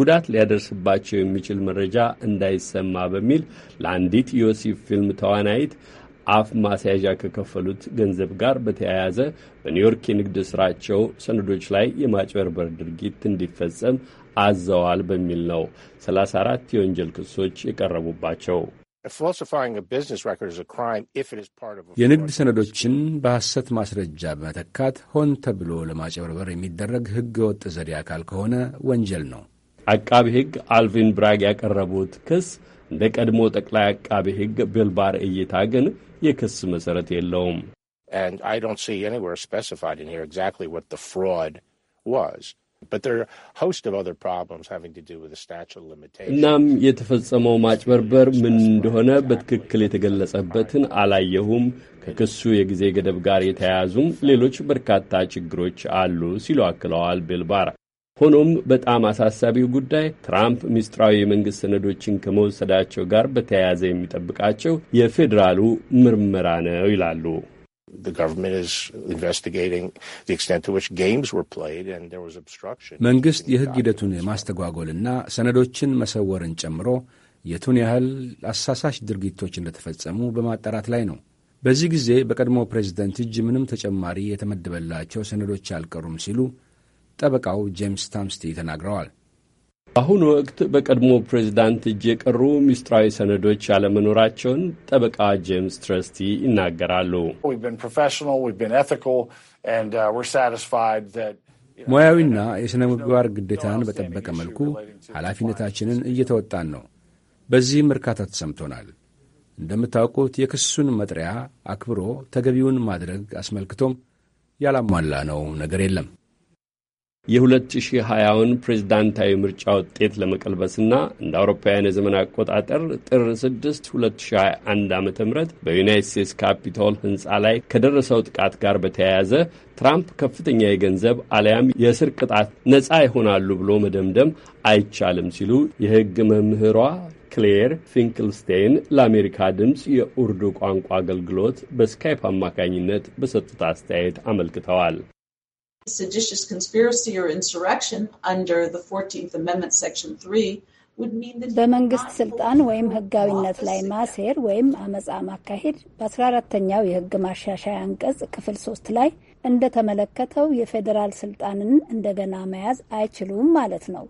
ጉዳት ሊያደርስባቸው የሚችል መረጃ እንዳይሰማ በሚል ለአንዲት ዮሲፍ ፊልም ተዋናይት አፍ ማስያዣ ከከፈሉት ገንዘብ ጋር በተያያዘ በኒውዮርክ የንግድ ስራቸው ሰነዶች ላይ የማጭበርበር ድርጊት እንዲፈጸም አዘዋል በሚል ነው 34 የወንጀል ክሶች የቀረቡባቸው። የንግድ ሰነዶችን በሐሰት ማስረጃ በመተካት ሆን ተብሎ ለማጭበርበር የሚደረግ ወጥ ዘዴ አካል ከሆነ ወንጀል ነው። አቃቢ ሕግ አልቪን ብራግ ያቀረቡት ክስ እንደ ቀድሞ ጠቅላይ አቃቤ ሕግ ብልባር እይታ ግን የክስ መሠረት የለውም። እናም የተፈጸመው ማጭበርበር ምን እንደሆነ በትክክል የተገለጸበትን አላየሁም። ከክሱ የጊዜ ገደብ ጋር የተያያዙም ሌሎች በርካታ ችግሮች አሉ ሲሉ አክለዋል። ቤልባር ሆኖም በጣም አሳሳቢው ጉዳይ ትራምፕ ሚስጥራዊ የመንግሥት ሰነዶችን ከመወሰዳቸው ጋር በተያያዘ የሚጠብቃቸው የፌዴራሉ ምርመራ ነው ይላሉ። መንግሥት የሕግ ሂደቱን የማስተጓጎልና ሰነዶችን መሰወርን ጨምሮ የቱን ያህል አሳሳሽ ድርጊቶች እንደተፈጸሙ በማጣራት ላይ ነው። በዚህ ጊዜ በቀድሞ ፕሬዝደንት እጅ ምንም ተጨማሪ የተመደበላቸው ሰነዶች አልቀሩም ሲሉ ጠበቃው ጄምስ ታምስቲ ተናግረዋል። በአሁኑ ወቅት በቀድሞ ፕሬዚዳንት እጅ የቀሩ ሚስጥራዊ ሰነዶች ያለመኖራቸውን ጠበቃ ጄምስ ትረስቲ ይናገራሉ። uh, ሙያዊና የሥነ ምግባር ግዴታን በጠበቀ መልኩ ኃላፊነታችንን እየተወጣን ነው። በዚህም እርካታ ተሰምቶናል። እንደምታውቁት የክሱን መጥሪያ አክብሮ ተገቢውን ማድረግ አስመልክቶም ያላሟላ ነው ነገር የለም። የ 2020 ን ፕሬዝዳንታዊ ምርጫ ውጤት ለመቀልበስና እንደ አውሮፓውያን የዘመን አቆጣጠር ጥር 6 2021 ዓ ም በዩናይት ስቴትስ ካፒቶል ህንፃ ላይ ከደረሰው ጥቃት ጋር በተያያዘ ትራምፕ ከፍተኛ የገንዘብ አሊያም የእስር ቅጣት ነፃ ይሆናሉ ብሎ መደምደም አይቻልም ሲሉ የህግ መምህሯ ክሌር ፊንክልስቴይን ለአሜሪካ ድምፅ የኡርዱ ቋንቋ አገልግሎት በስካይፕ አማካኝነት በሰጡት አስተያየት አመልክተዋል። Seditious conspiracy or insurrection under the 14th Amendment section 3 በመንግስት ስልጣን ወይም ህጋዊነት ላይ ማሴር ወይም አመፃ ማካሄድ በ14ተኛው የህግ ማሻሻያ አንቀጽ ክፍል ሶስት ላይ እንደተመለከተው የፌዴራል ስልጣንን እንደገና መያዝ አይችሉም ማለት ነው።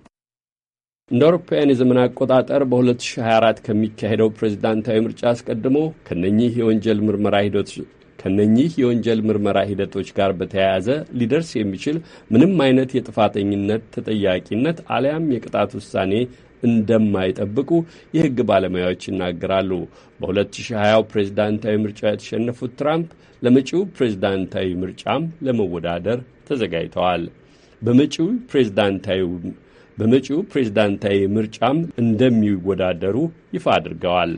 እንደ አውሮፓውያን የዘመን አቆጣጠር በ2024 ከሚካሄደው ፕሬዚዳንታዊ ምርጫ አስቀድሞ ከነኚህ የወንጀል ምርመራ ሂደቶች ከነኚህ የወንጀል ምርመራ ሂደቶች ጋር በተያያዘ ሊደርስ የሚችል ምንም አይነት የጥፋተኝነት ተጠያቂነት አሊያም የቅጣት ውሳኔ እንደማይጠብቁ የሕግ ባለሙያዎች ይናገራሉ። በ2020 ፕሬዝዳንታዊ ምርጫ የተሸነፉት ትራምፕ ለመጪው ፕሬዝዳንታዊ ምርጫም ለመወዳደር ተዘጋጅተዋል። በመጪው ፕሬዝዳንታዊ በመጪው ፕሬዝዳንታዊ ምርጫም እንደሚወዳደሩ ይፋ አድርገዋል።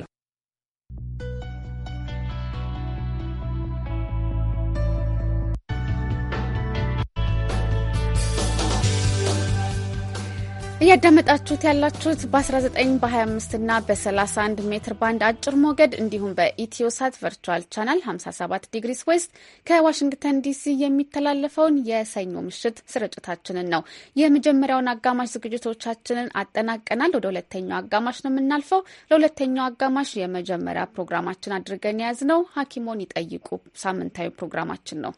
እያዳመጣችሁት ያላችሁት በ19 በ25 እና በ31 ሜትር ባንድ አጭር ሞገድ እንዲሁም በኢትዮሳት ቨርቹዋል ቻናል 57 ዲግሪስ ዌስት ከዋሽንግተን ዲሲ የሚተላለፈውን የሰኞ ምሽት ስርጭታችንን ነው። የመጀመሪያውን አጋማሽ ዝግጅቶቻችንን አጠናቀናል። ወደ ሁለተኛው አጋማሽ ነው የምናልፈው። ለሁለተኛው አጋማሽ የመጀመሪያ ፕሮግራማችን አድርገን የያዝነው ሐኪሞን ይጠይቁ ሳምንታዊ ፕሮግራማችን ነው።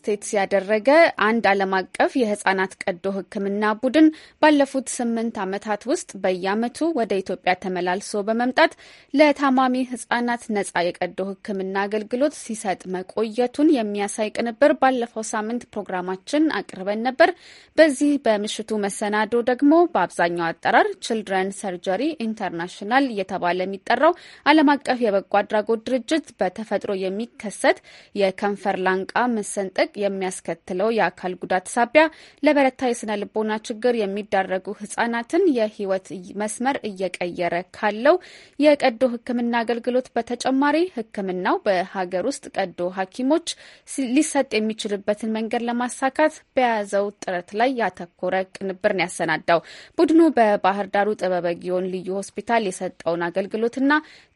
ስቴትስ ያደረገ አንድ ዓለም አቀፍ የህጻናት ቀዶ ሕክምና ቡድን ባለፉት ስምንት ዓመታት ውስጥ በየዓመቱ ወደ ኢትዮጵያ ተመላልሶ በመምጣት ለታማሚ ህጻናት ነጻ የቀዶ ሕክምና አገልግሎት ሲሰጥ መቆየቱን የሚያሳይ ቅንብር ባለፈው ሳምንት ፕሮግራማችን አቅርበን ነበር። በዚህ በምሽቱ መሰናዶ ደግሞ በአብዛኛው አጠራር ችልድረን ሰርጀሪ ኢንተርናሽናል እየተባለ የሚጠራው ዓለም አቀፍ የበጎ አድራጎት ድርጅት በተፈጥሮ የሚከሰት የከንፈር ላንቃ መሰንጠቅ መጠየቅ የሚያስከትለው የአካል ጉዳት ሳቢያ ለበረታ የስነ ልቦና ችግር የሚዳረጉ ህጻናትን የህይወት መስመር እየቀየረ ካለው የቀዶ ህክምና አገልግሎት በተጨማሪ ህክምናው በሀገር ውስጥ ቀዶ ሐኪሞች ሊሰጥ የሚችልበትን መንገድ ለማሳካት በያዘው ጥረት ላይ ያተኮረ ቅንብር ነው ያሰናዳው። ቡድኑ በባህር ዳሩ ጥበበ ግዮን ልዩ ሆስፒታል የሰጠውን አገልግሎትና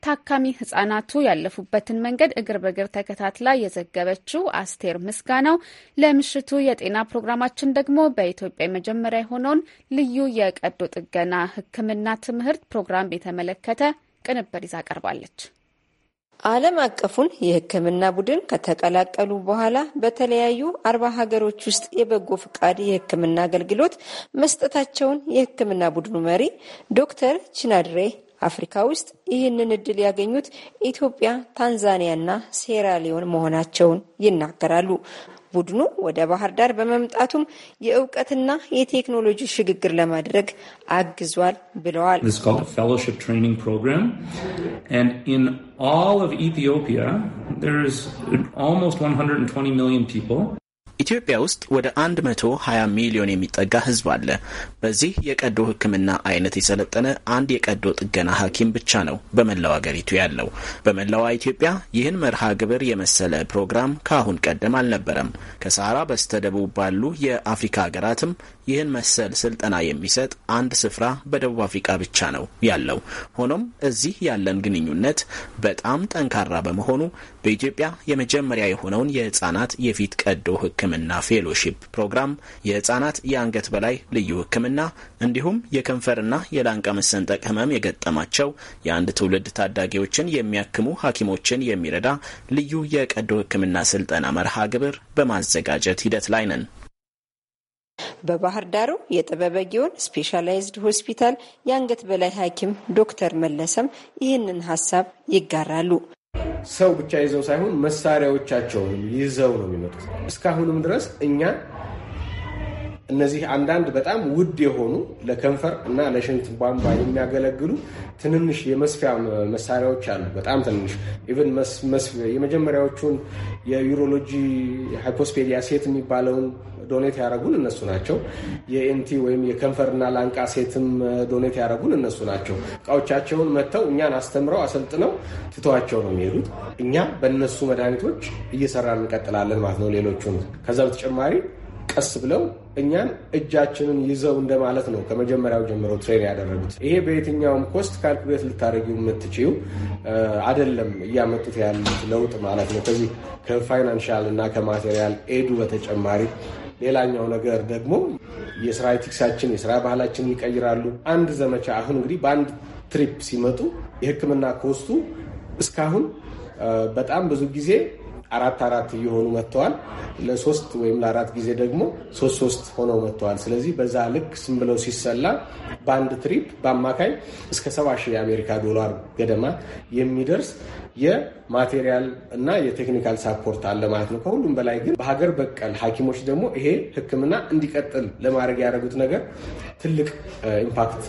ታካሚ ህጻናቱ ያለፉበትን መንገድ እግር በእግር ተከታትላ የዘገበችው አስቴር ምስጋናው። ለምሽቱ የጤና ፕሮግራማችን ደግሞ በኢትዮጵያ የመጀመሪያ የሆነውን ልዩ የቀዶ ጥገና ሕክምና ትምህርት ፕሮግራም የተመለከተ ቅንብር ይዛ ቀርባለች። ዓለም አቀፉን የህክምና ቡድን ከተቀላቀሉ በኋላ በተለያዩ አርባ ሀገሮች ውስጥ የበጎ ፍቃድ የህክምና አገልግሎት መስጠታቸውን የህክምና ቡድኑ መሪ ዶክተር ቺናድሬ አፍሪካ ውስጥ ይህንን እድል ያገኙት ኢትዮጵያ፣ ታንዛኒያና ሴራሊዮን መሆናቸውን ይናገራሉ። ቡድኑ ወደ ባህር ዳር በመምጣቱም የእውቀትና የቴክኖሎጂ ሽግግር ለማድረግ አግዟል ብለዋል። ኢትዮጵያ ኢትዮጵያ ውስጥ ወደ 120 ሚሊዮን የሚጠጋ ህዝብ አለ። በዚህ የቀዶ ሕክምና አይነት የሰለጠነ አንድ የቀዶ ጥገና ሐኪም ብቻ ነው በመላው አገሪቱ ያለው። በመላዋ ኢትዮጵያ ይህን መርሃ ግብር የመሰለ ፕሮግራም ከአሁን ቀደም አልነበረም። ከሰሃራ በስተደቡብ ባሉ የአፍሪካ ሀገራትም ይህን መሰል ስልጠና የሚሰጥ አንድ ስፍራ በደቡብ አፍሪካ ብቻ ነው ያለው። ሆኖም እዚህ ያለን ግንኙነት በጣም ጠንካራ በመሆኑ በኢትዮጵያ የመጀመሪያ የሆነውን የህጻናት የፊት ቀዶ ህክምና ፌሎሺፕ ፕሮግራም፣ የህጻናት የአንገት በላይ ልዩ ህክምና እንዲሁም የከንፈርና የላንቃ መሰንጠቅ ህመም የገጠማቸው የአንድ ትውልድ ታዳጊዎችን የሚያክሙ ሐኪሞችን የሚረዳ ልዩ የቀዶ ህክምና ስልጠና መርሃ ግብር በማዘጋጀት ሂደት ላይ ነን። በባህር ዳሩ የጥበበ ስፔሻላይዝድ ሆስፒታል የአንገት በላይ ሐኪም ዶክተር መለሰም ይህንን ሀሳብ ይጋራሉ። ሰው ብቻ ይዘው ሳይሆን መሳሪያዎቻቸውን ይዘው ነው የሚመጡት። እስካሁንም ድረስ እኛ እነዚህ አንዳንድ በጣም ውድ የሆኑ ለከንፈር እና ለሽንት ቧንቧ የሚያገለግሉ ትንንሽ የመስፊያ መሳሪያዎች አሉ። በጣም ትንንሽ ኢቨን የመጀመሪያዎቹን የዩሮሎጂ ሃይፖስፔዲያ ሴት የሚባለውን ዶኔት ያደረጉን እነሱ ናቸው። የኤንቲ ወይም የከንፈርና ላንቃ ሴትም ዶኔት ያደረጉን እነሱ ናቸው። እቃዎቻቸውን መጥተው እኛን አስተምረው አሰልጥነው ትተዋቸው ነው የሚሄዱት። እኛ በእነሱ መድኃኒቶች እየሰራ እንቀጥላለን ማለት ነው። ሌሎቹን ከዛ በተጨማሪ ቀስ ብለው እኛን እጃችንን ይዘው እንደማለት ነው። ከመጀመሪያው ጀምሮ ትሬን ያደረጉት ይሄ በየትኛውም ኮስት ካልኩሌት ልታደረጊ የምትችው አይደለም። እያመጡት ያሉት ለውጥ ማለት ነው። ከዚህ ከፋይናንሻል እና ከማቴሪያል ኤዱ በተጨማሪ ሌላኛው ነገር ደግሞ የስራ ኤቲክሳችን የስራ ባህላችንን ይቀይራሉ። አንድ ዘመቻ አሁን እንግዲህ በአንድ ትሪፕ ሲመጡ የህክምና ኮስቱ እስካሁን በጣም ብዙ ጊዜ አራት አራት እየሆኑ መጥተዋል። ለሶስት ወይም ለአራት ጊዜ ደግሞ ሶስት ሶስት ሆነው መጥተዋል። ስለዚህ በዛ ልክ ስም ብለው ሲሰላ በአንድ ትሪፕ በአማካይ እስከ ሰባ ሺህ የአሜሪካ ዶላር ገደማ የሚደርስ የማቴሪያል እና የቴክኒካል ሳፖርት አለ ማለት ነው። ከሁሉም በላይ ግን በሀገር በቀል ሐኪሞች ደግሞ ይሄ ሕክምና እንዲቀጥል ለማድረግ ያደረጉት ነገር ትልቅ ኢምፓክት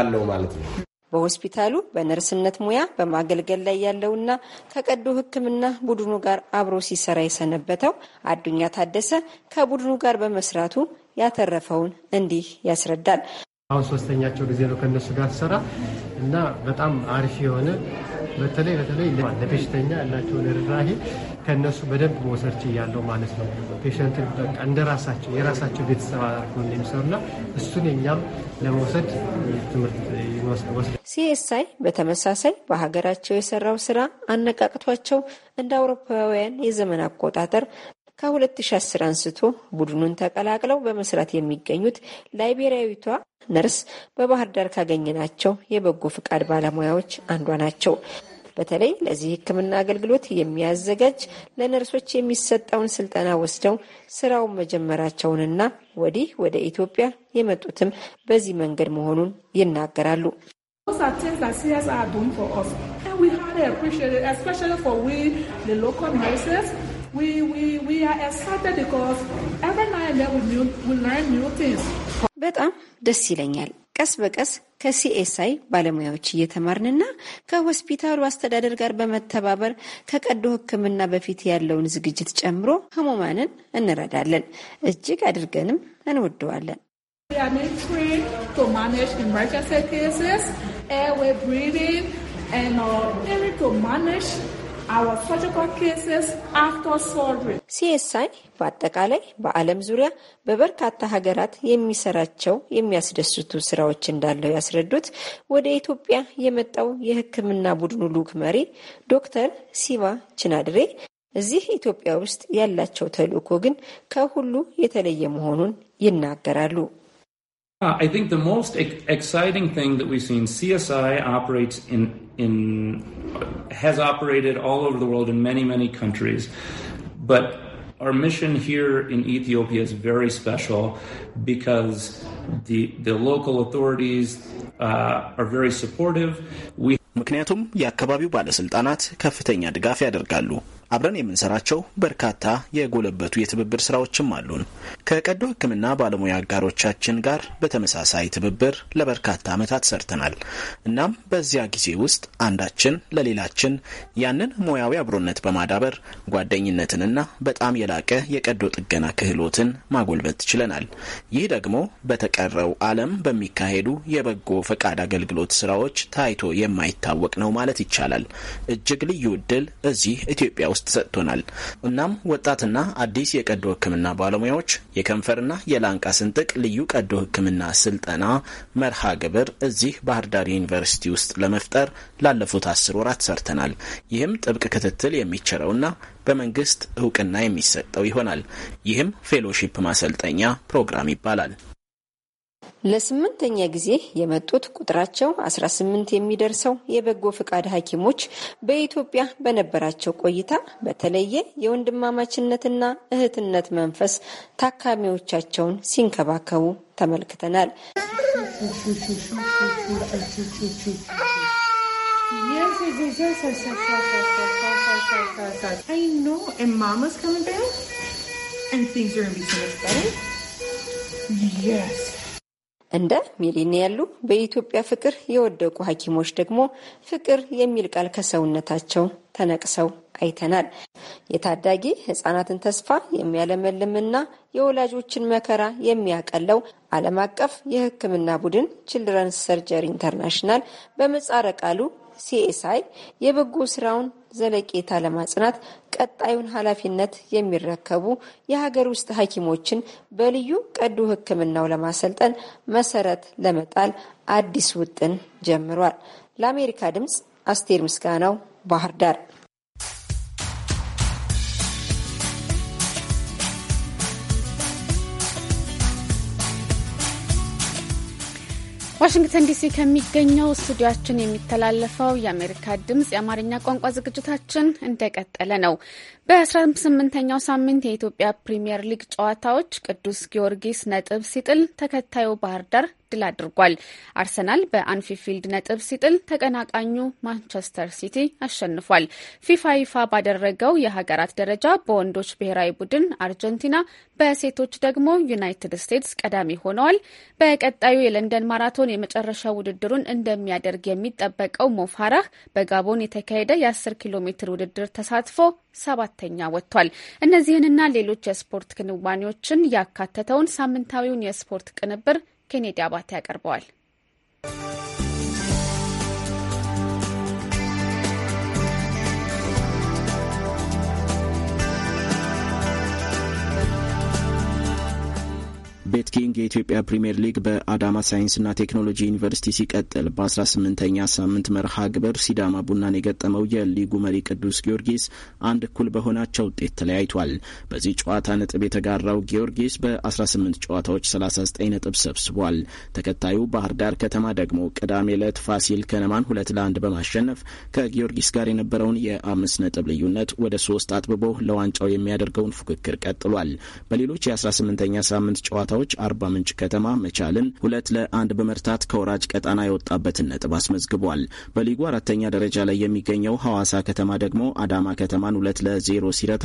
አለው ማለት ነው። በሆስፒታሉ በነርስነት ሙያ በማገልገል ላይ ያለውና ከቀዶ ሕክምና ቡድኑ ጋር አብሮ ሲሰራ የሰነበተው አዱኛ ታደሰ ከቡድኑ ጋር በመስራቱ ያተረፈውን እንዲህ ያስረዳል። አሁን ሶስተኛቸው ጊዜ ነው ከነሱ ጋር ሰራ እና በጣም አሪፍ የሆነ በተለይ በተለይ ለበሽተኛ ያላቸውን ርራሄ ከእነሱ በደንብ መውሰድ ችያለሁ ማለት ነው። ፔሸንትን በቃ እንደ ራሳቸው የራሳቸው ቤተሰብ ሆን እንደሚሰሩና እሱን የኛም ለመውሰድ ትምህርት ሲኤስአይ በተመሳሳይ በሀገራቸው የሰራው ስራ አነቃቅቷቸው እንደ አውሮፓውያን የዘመን አቆጣጠር ከ2010 አንስቶ ቡድኑን ተቀላቅለው በመስራት የሚገኙት ላይቤሪያዊቷ ነርስ በባህር ዳር ካገኘናቸው የበጎ ፍቃድ ባለሙያዎች አንዷ ናቸው። በተለይ ለዚህ ሕክምና አገልግሎት የሚያዘጋጅ ለነርሶች የሚሰጠውን ስልጠና ወስደው ስራውን መጀመራቸውንና ወዲህ ወደ ኢትዮጵያ የመጡትም በዚህ መንገድ መሆኑን ይናገራሉ። በጣም ደስ ይለኛል። ቀስ በቀስ ከሲኤስአይ ባለሙያዎች እየተማርንና ከሆስፒታሉ አስተዳደር ጋር በመተባበር ከቀዶ ሕክምና በፊት ያለውን ዝግጅት ጨምሮ ህሙማንን እንረዳለን። እጅግ አድርገንም እንወደዋለን። ሲኤስአይ በአጠቃላይ በዓለም ዙሪያ በበርካታ ሀገራት የሚሰራቸው የሚያስደስቱ ስራዎች እንዳለው ያስረዱት ወደ ኢትዮጵያ የመጣው የሕክምና ቡድኑ ልዑክ መሪ ዶክተር ሲባ ችናድሬ እዚህ ኢትዮጵያ ውስጥ ያላቸው ተልዕኮ ግን ከሁሉ የተለየ መሆኑን ይናገራሉ። Uh, I think the most exciting thing that we've seen, CSI operates in in has operated all over the world in many many countries, but our mission here in Ethiopia is very special because the the local authorities uh, are very supportive. We ምክንያቱም የአካባቢው ባለስልጣናት ከፍተኛ ድጋፍ ያደርጋሉ። አብረን የምንሰራቸው በርካታ የጎለበቱ የትብብር ስራዎችም አሉን። ከቀዶ ሕክምና ባለሙያ አጋሮቻችን ጋር በተመሳሳይ ትብብር ለበርካታ ዓመታት ሰርተናል። እናም በዚያ ጊዜ ውስጥ አንዳችን ለሌላችን ያንን ሙያዊ አብሮነት በማዳበር ጓደኝነትንና በጣም የላቀ የቀዶ ጥገና ክህሎትን ማጎልበት ችለናል። ይህ ደግሞ በተቀረው ዓለም በሚካሄዱ የበጎ ፈቃድ አገልግሎት ስራዎች ታይቶ የማይታወቅ ነው ማለት ይቻላል። እጅግ ልዩ እድል እዚህ ኢትዮጵያ ፖስት ሰጥቶናል። እናም ወጣትና አዲስ የቀዶ ሕክምና ባለሙያዎች የከንፈርና የላንቃ ስንጥቅ ልዩ ቀዶ ሕክምና ስልጠና መርሃ ግብር እዚህ ባህር ዳር ዩኒቨርሲቲ ውስጥ ለመፍጠር ላለፉት አስር ወራት ሰርተናል። ይህም ጥብቅ ክትትል የሚቸረውና በመንግስት እውቅና የሚሰጠው ይሆናል። ይህም ፌሎሺፕ ማሰልጠኛ ፕሮግራም ይባላል። ለስምንተኛ ጊዜ የመጡት ቁጥራቸው 18 የሚደርሰው የበጎ ፈቃድ ሐኪሞች በኢትዮጵያ በነበራቸው ቆይታ በተለየ የወንድማማችነትና እህትነት መንፈስ ታካሚዎቻቸውን ሲንከባከቡ ተመልክተናል። Yes, እንደ ሚሊኒ ያሉ በኢትዮጵያ ፍቅር የወደቁ ሐኪሞች ደግሞ ፍቅር የሚል ቃል ከሰውነታቸው ተነቅሰው አይተናል። የታዳጊ ህጻናትን ተስፋ የሚያለመልምና የወላጆችን መከራ የሚያቀለው ዓለም አቀፍ የሕክምና ቡድን ችልድረንስ ሰርጀሪ ኢንተርናሽናል በምህጻረ ቃሉ ሲኤስአይ የበጎ ስራውን ዘለቄታ ለማጽናት ቀጣዩን ኃላፊነት የሚረከቡ የሀገር ውስጥ ሐኪሞችን በልዩ ቀዶ ሕክምናው ለማሰልጠን መሰረት ለመጣል አዲስ ውጥን ጀምሯል። ለአሜሪካ ድምፅ አስቴር ምስጋናው ባህር ዳር ዋሽንግተን ዲሲ ከሚገኘው ስቱዲያችን የሚተላለፈው የአሜሪካ ድምፅ የአማርኛ ቋንቋ ዝግጅታችን እንደቀጠለ ነው። በ18ኛው ሳምንት የኢትዮጵያ ፕሪምየር ሊግ ጨዋታዎች ቅዱስ ጊዮርጊስ ነጥብ ሲጥል፣ ተከታዩ ባህር ዳር ድል አድርጓል። አርሰናል በአንፊፊልድ ነጥብ ሲጥል ተቀናቃኙ ማንቸስተር ሲቲ አሸንፏል። ፊፋ ይፋ ባደረገው የሀገራት ደረጃ በወንዶች ብሔራዊ ቡድን አርጀንቲና፣ በሴቶች ደግሞ ዩናይትድ ስቴትስ ቀዳሚ ሆነዋል። በቀጣዩ የለንደን ማራቶን የመጨረሻ ውድድሩን እንደሚያደርግ የሚጠበቀው ሞፋራህ በጋቦን የተካሄደ የ10 ኪሎ ሜትር ውድድር ተሳትፎ ሰባተኛ ወጥቷል። እነዚህንና ሌሎች የስፖርት ክንዋኔዎችን ያካተተውን ሳምንታዊውን የስፖርት ቅንብር ኬኔዲ አባተ ያቀርበዋል። ቤት ኪንግ የኢትዮጵያ ፕሪምየር ሊግ በአዳማ ሳይንስና ቴክኖሎጂ ዩኒቨርሲቲ ሲቀጥል በ18ኛ ሳምንት መርሃ ግብር ሲዳማ ቡናን የገጠመው የሊጉ መሪ ቅዱስ ጊዮርጊስ አንድ እኩል በሆናቸው ውጤት ተለያይቷል። በዚህ ጨዋታ ነጥብ የተጋራው ጊዮርጊስ በ18 ጨዋታዎች 39 ነጥብ ሰብስቧል። ተከታዩ ባህር ዳር ከተማ ደግሞ ቅዳሜ ዕለት ፋሲል ከነማን ሁለት ለአንድ በማሸነፍ ከጊዮርጊስ ጋር የነበረውን የአምስት ነጥብ ልዩነት ወደ ሶስት አጥብቦ ለዋንጫው የሚያደርገውን ፉክክር ቀጥሏል። በሌሎች የ18ኛ ሳምንት ጨዋታ ጨዋታዎች አርባ ምንጭ ከተማ መቻልን ሁለት ለአንድ በመርታት ከወራጅ ቀጣና የወጣበትን ነጥብ አስመዝግቧል። በሊጉ አራተኛ ደረጃ ላይ የሚገኘው ሐዋሳ ከተማ ደግሞ አዳማ ከተማን ሁለት ለዜሮ ሲረታ፣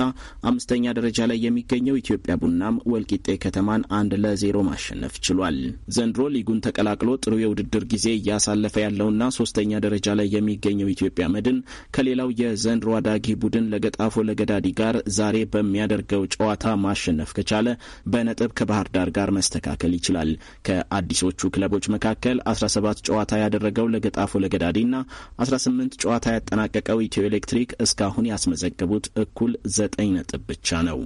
አምስተኛ ደረጃ ላይ የሚገኘው ኢትዮጵያ ቡናም ወልቂጤ ከተማን አንድ ለዜሮ ማሸነፍ ችሏል። ዘንድሮ ሊጉን ተቀላቅሎ ጥሩ የውድድር ጊዜ እያሳለፈ ያለውና ሶስተኛ ደረጃ ላይ የሚገኘው ኢትዮጵያ መድን ከሌላው የዘንድሮ አዳጊ ቡድን ለገጣፎ ለገዳዲ ጋር ዛሬ በሚያደርገው ጨዋታ ማሸነፍ ከቻለ በነጥብ ከባህር ዳር ጋር ጋር መስተካከል ይችላል። ከአዲሶቹ ክለቦች መካከል 17 ጨዋታ ያደረገው ለገጣፎ ለገዳዲና 18 ጨዋታ ያጠናቀቀው ኢትዮ ኤሌክትሪክ እስካሁን ያስመዘገቡት እኩል 9 ነጥብ ብቻ ነው።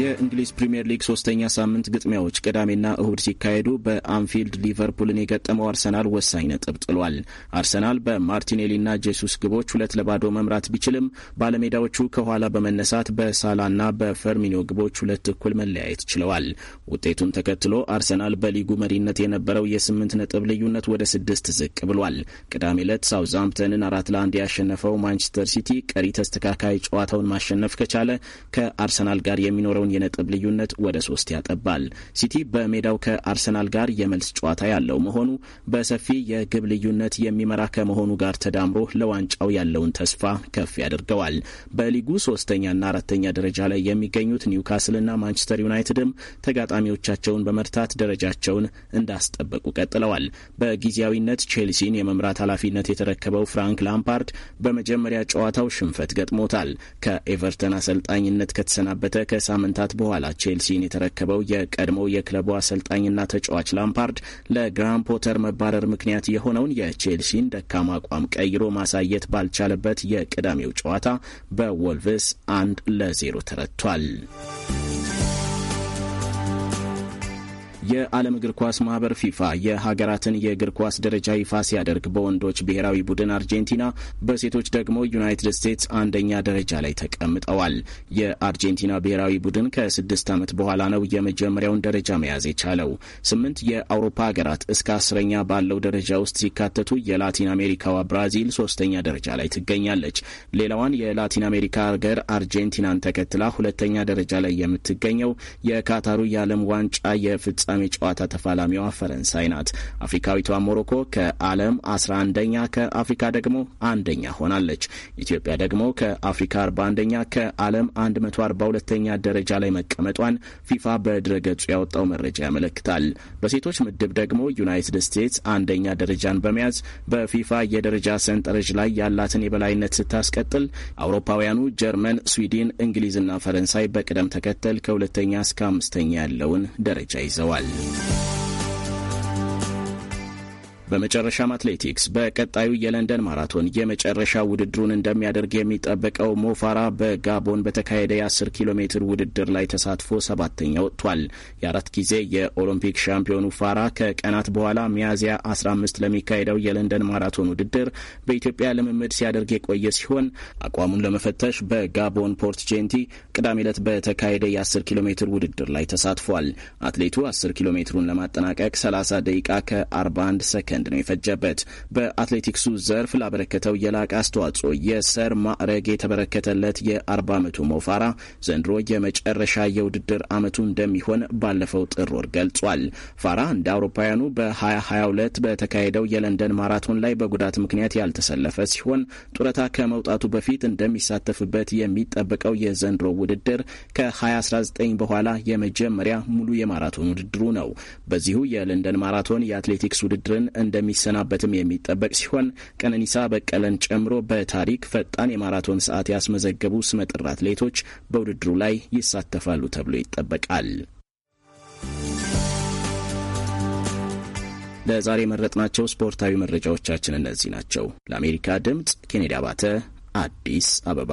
የእንግሊዝ ፕሪምየር ሊግ ሶስተኛ ሳምንት ግጥሚያዎች ቅዳሜና እሁድ ሲካሄዱ በአንፊልድ ሊቨርፑልን የገጠመው አርሰናል ወሳኝ ነጥብ ጥሏል። አርሰናል በማርቲኔሊና ጄሱስ ግቦች ሁለት ለባዶ መምራት ቢችልም ባለሜዳዎቹ ከኋላ በመነሳት በሳላና በፈርሚኒዮ ግቦች ሁለት እኩል መለያየት ችለዋል። ውጤቱን ተከትሎ አርሰናል በሊጉ መሪነት የነበረው የስምንት ነጥብ ልዩነት ወደ ስድስት ዝቅ ብሏል። ቅዳሜ ዕለት ሳውዝሃምፕተንን አራት ለአንድ ያሸነፈው ማንቸስተር ሲቲ ቀሪ ተስተካካይ ጨዋታውን ማሸነፍ ከቻለ ከአርሰናል ጋር የሚኖረው የነበረውን የነጥብ ልዩነት ወደ ሶስት ያጠባል። ሲቲ በሜዳው ከአርሰናል ጋር የመልስ ጨዋታ ያለው መሆኑ በሰፊ የግብ ልዩነት የሚመራ ከመሆኑ ጋር ተዳምሮ ለዋንጫው ያለውን ተስፋ ከፍ ያደርገዋል። በሊጉ ሶስተኛና አራተኛ ደረጃ ላይ የሚገኙት ኒውካስልና ማንቸስተር ዩናይትድም ተጋጣሚዎቻቸውን በመርታት ደረጃቸውን እንዳስጠበቁ ቀጥለዋል። በጊዜያዊነት ቼልሲን የመምራት ኃላፊነት የተረከበው ፍራንክ ላምፓርድ በመጀመሪያ ጨዋታው ሽንፈት ገጥሞታል። ከኤቨርተን አሰልጣኝነት ከተሰናበተ ከሳምንት ሳምንታት በኋላ ቼልሲን የተረከበው የቀድሞ የክለቡ አሰልጣኝና ተጫዋች ላምፓርድ ለግራም ፖተር መባረር ምክንያት የሆነውን የቼልሲን ደካማ አቋም ቀይሮ ማሳየት ባልቻለበት የቅዳሜው ጨዋታ በወልቭስ አንድ ለዜሮ ተረቷል። የዓለም እግር ኳስ ማህበር ፊፋ የሀገራትን የእግር ኳስ ደረጃ ይፋ ሲያደርግ በወንዶች ብሔራዊ ቡድን አርጀንቲና፣ በሴቶች ደግሞ ዩናይትድ ስቴትስ አንደኛ ደረጃ ላይ ተቀምጠዋል። የአርጀንቲና ብሔራዊ ቡድን ከስድስት ዓመት በኋላ ነው የመጀመሪያውን ደረጃ መያዝ የቻለው። ስምንት የአውሮፓ ሀገራት እስከ አስረኛ ባለው ደረጃ ውስጥ ሲካተቱ የላቲን አሜሪካዋ ብራዚል ሶስተኛ ደረጃ ላይ ትገኛለች። ሌላዋን የላቲን አሜሪካ ሀገር አርጀንቲናን ተከትላ ሁለተኛ ደረጃ ላይ የምትገኘው የካታሩ የዓለም ዋንጫ የፍጻ የፍጻሜ ጨዋታ ተፋላሚዋ ፈረንሳይ ናት። አፍሪካዊቷ ሞሮኮ ከዓለም አስራ አንደኛ ከአፍሪካ ደግሞ አንደኛ ሆናለች። ኢትዮጵያ ደግሞ ከአፍሪካ 41ኛ ከዓለም አርባ ሁለተኛ ደረጃ ላይ መቀመጧን ፊፋ በድረገጹ ያወጣው መረጃ ያመለክታል። በሴቶች ምድብ ደግሞ ዩናይትድ ስቴትስ አንደኛ ደረጃን በመያዝ በፊፋ የደረጃ ሰንጠረዥ ላይ ያላትን የበላይነት ስታስቀጥል አውሮፓውያኑ ጀርመን፣ ስዊድን፣ እንግሊዝና ፈረንሳይ በቅደም ተከተል ከሁለተኛ እስከ አምስተኛ ያለውን ደረጃ ይዘዋል። Nacional. በመጨረሻም አትሌቲክስ በቀጣዩ የለንደን ማራቶን የመጨረሻ ውድድሩን እንደሚያደርግ የሚጠበቀው ሞፋራ በጋቦን በተካሄደ የ10 ኪሎ ሜትር ውድድር ላይ ተሳትፎ ሰባተኛ ወጥቷል። የአራት ጊዜ የኦሎምፒክ ሻምፒዮኑ ፋራ ከቀናት በኋላ ሚያዝያ 15 ለሚካሄደው የለንደን ማራቶን ውድድር በኢትዮጵያ ልምምድ ሲያደርግ የቆየ ሲሆን አቋሙን ለመፈተሽ በጋቦን ፖርት ጄንቲ ቅዳሜ ዕለት በተካሄደ የ10 ኪሎ ሜትር ውድድር ላይ ተሳትፏል። አትሌቱ 10 ኪሎ ሜትሩን ለማጠናቀቅ 30 ደቂቃ ከ41 ሰከንድ ሰከንድ ነው የፈጀበት። በአትሌቲክሱ ዘርፍ ላበረከተው የላቀ አስተዋጽኦ የሰር ማዕረግ የተበረከተለት የ40 ዓመቱ ሞፋራ ዘንድሮ የመጨረሻ የውድድር ዓመቱ እንደሚሆን ባለፈው ጥር ወር ገልጿል። ፋራ እንደ አውሮፓውያኑ በ2022 በተካሄደው የለንደን ማራቶን ላይ በጉዳት ምክንያት ያልተሰለፈ ሲሆን ጡረታ ከመውጣቱ በፊት እንደሚሳተፍበት የሚጠበቀው የዘንድሮ ውድድር ከ2019 በኋላ የመጀመሪያ ሙሉ የማራቶን ውድድሩ ነው። በዚሁ የለንደን ማራቶን የአትሌቲክስ ውድድርን እንደሚሰናበትም የሚጠበቅ ሲሆን ቀነኒሳ በቀለን ጨምሮ በታሪክ ፈጣን የማራቶን ሰዓት ያስመዘገቡ ስመጥር አትሌቶች በውድድሩ ላይ ይሳተፋሉ ተብሎ ይጠበቃል። ለዛሬ የመረጥናቸው ስፖርታዊ መረጃዎቻችን እነዚህ ናቸው። ለአሜሪካ ድምፅ ኬኔዲ አባተ አዲስ አበባ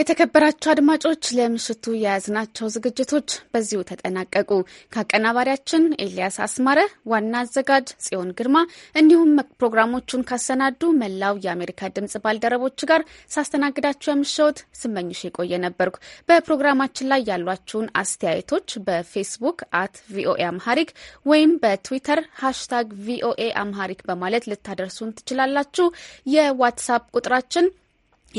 የተከበራቸው አድማጮች ለምሽቱ የያዝናቸው ዝግጅቶች በዚሁ ተጠናቀቁ። ከአቀናባሪያችን ኤልያስ አስማረ፣ ዋና አዘጋጅ ጽዮን ግርማ እንዲሁም ፕሮግራሞቹን ካሰናዱ መላው የአሜሪካ ድምጽ ባልደረቦች ጋር ሳስተናግዳችሁ ያምሸውት ስመኝሽ የቆየ ነበርኩ። በፕሮግራማችን ላይ ያሏችሁን አስተያየቶች በፌስቡክ አት ቪኦኤ አምሃሪክ ወይም በትዊተር ሃሽታግ ቪኦኤ አምሃሪክ በማለት ልታደርሱን ትችላላችሁ። የዋትሳፕ ቁጥራችን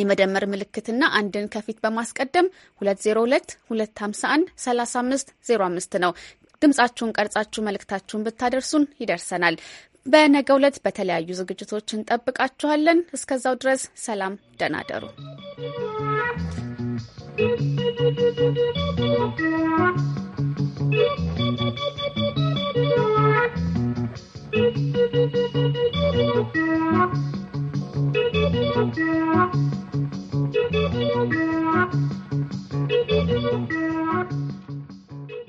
የመደመር ምልክትና አንድን ከፊት በማስቀደም 202 ነው። ድምጻችሁን ቀርጻችሁ መልእክታችሁን ብታደርሱን ይደርሰናል። በነገ ዕለት በተለያዩ ዝግጅቶች እንጠብቃችኋለን። እስከዛው ድረስ ሰላም፣ ደህና ደሩ። Thank you.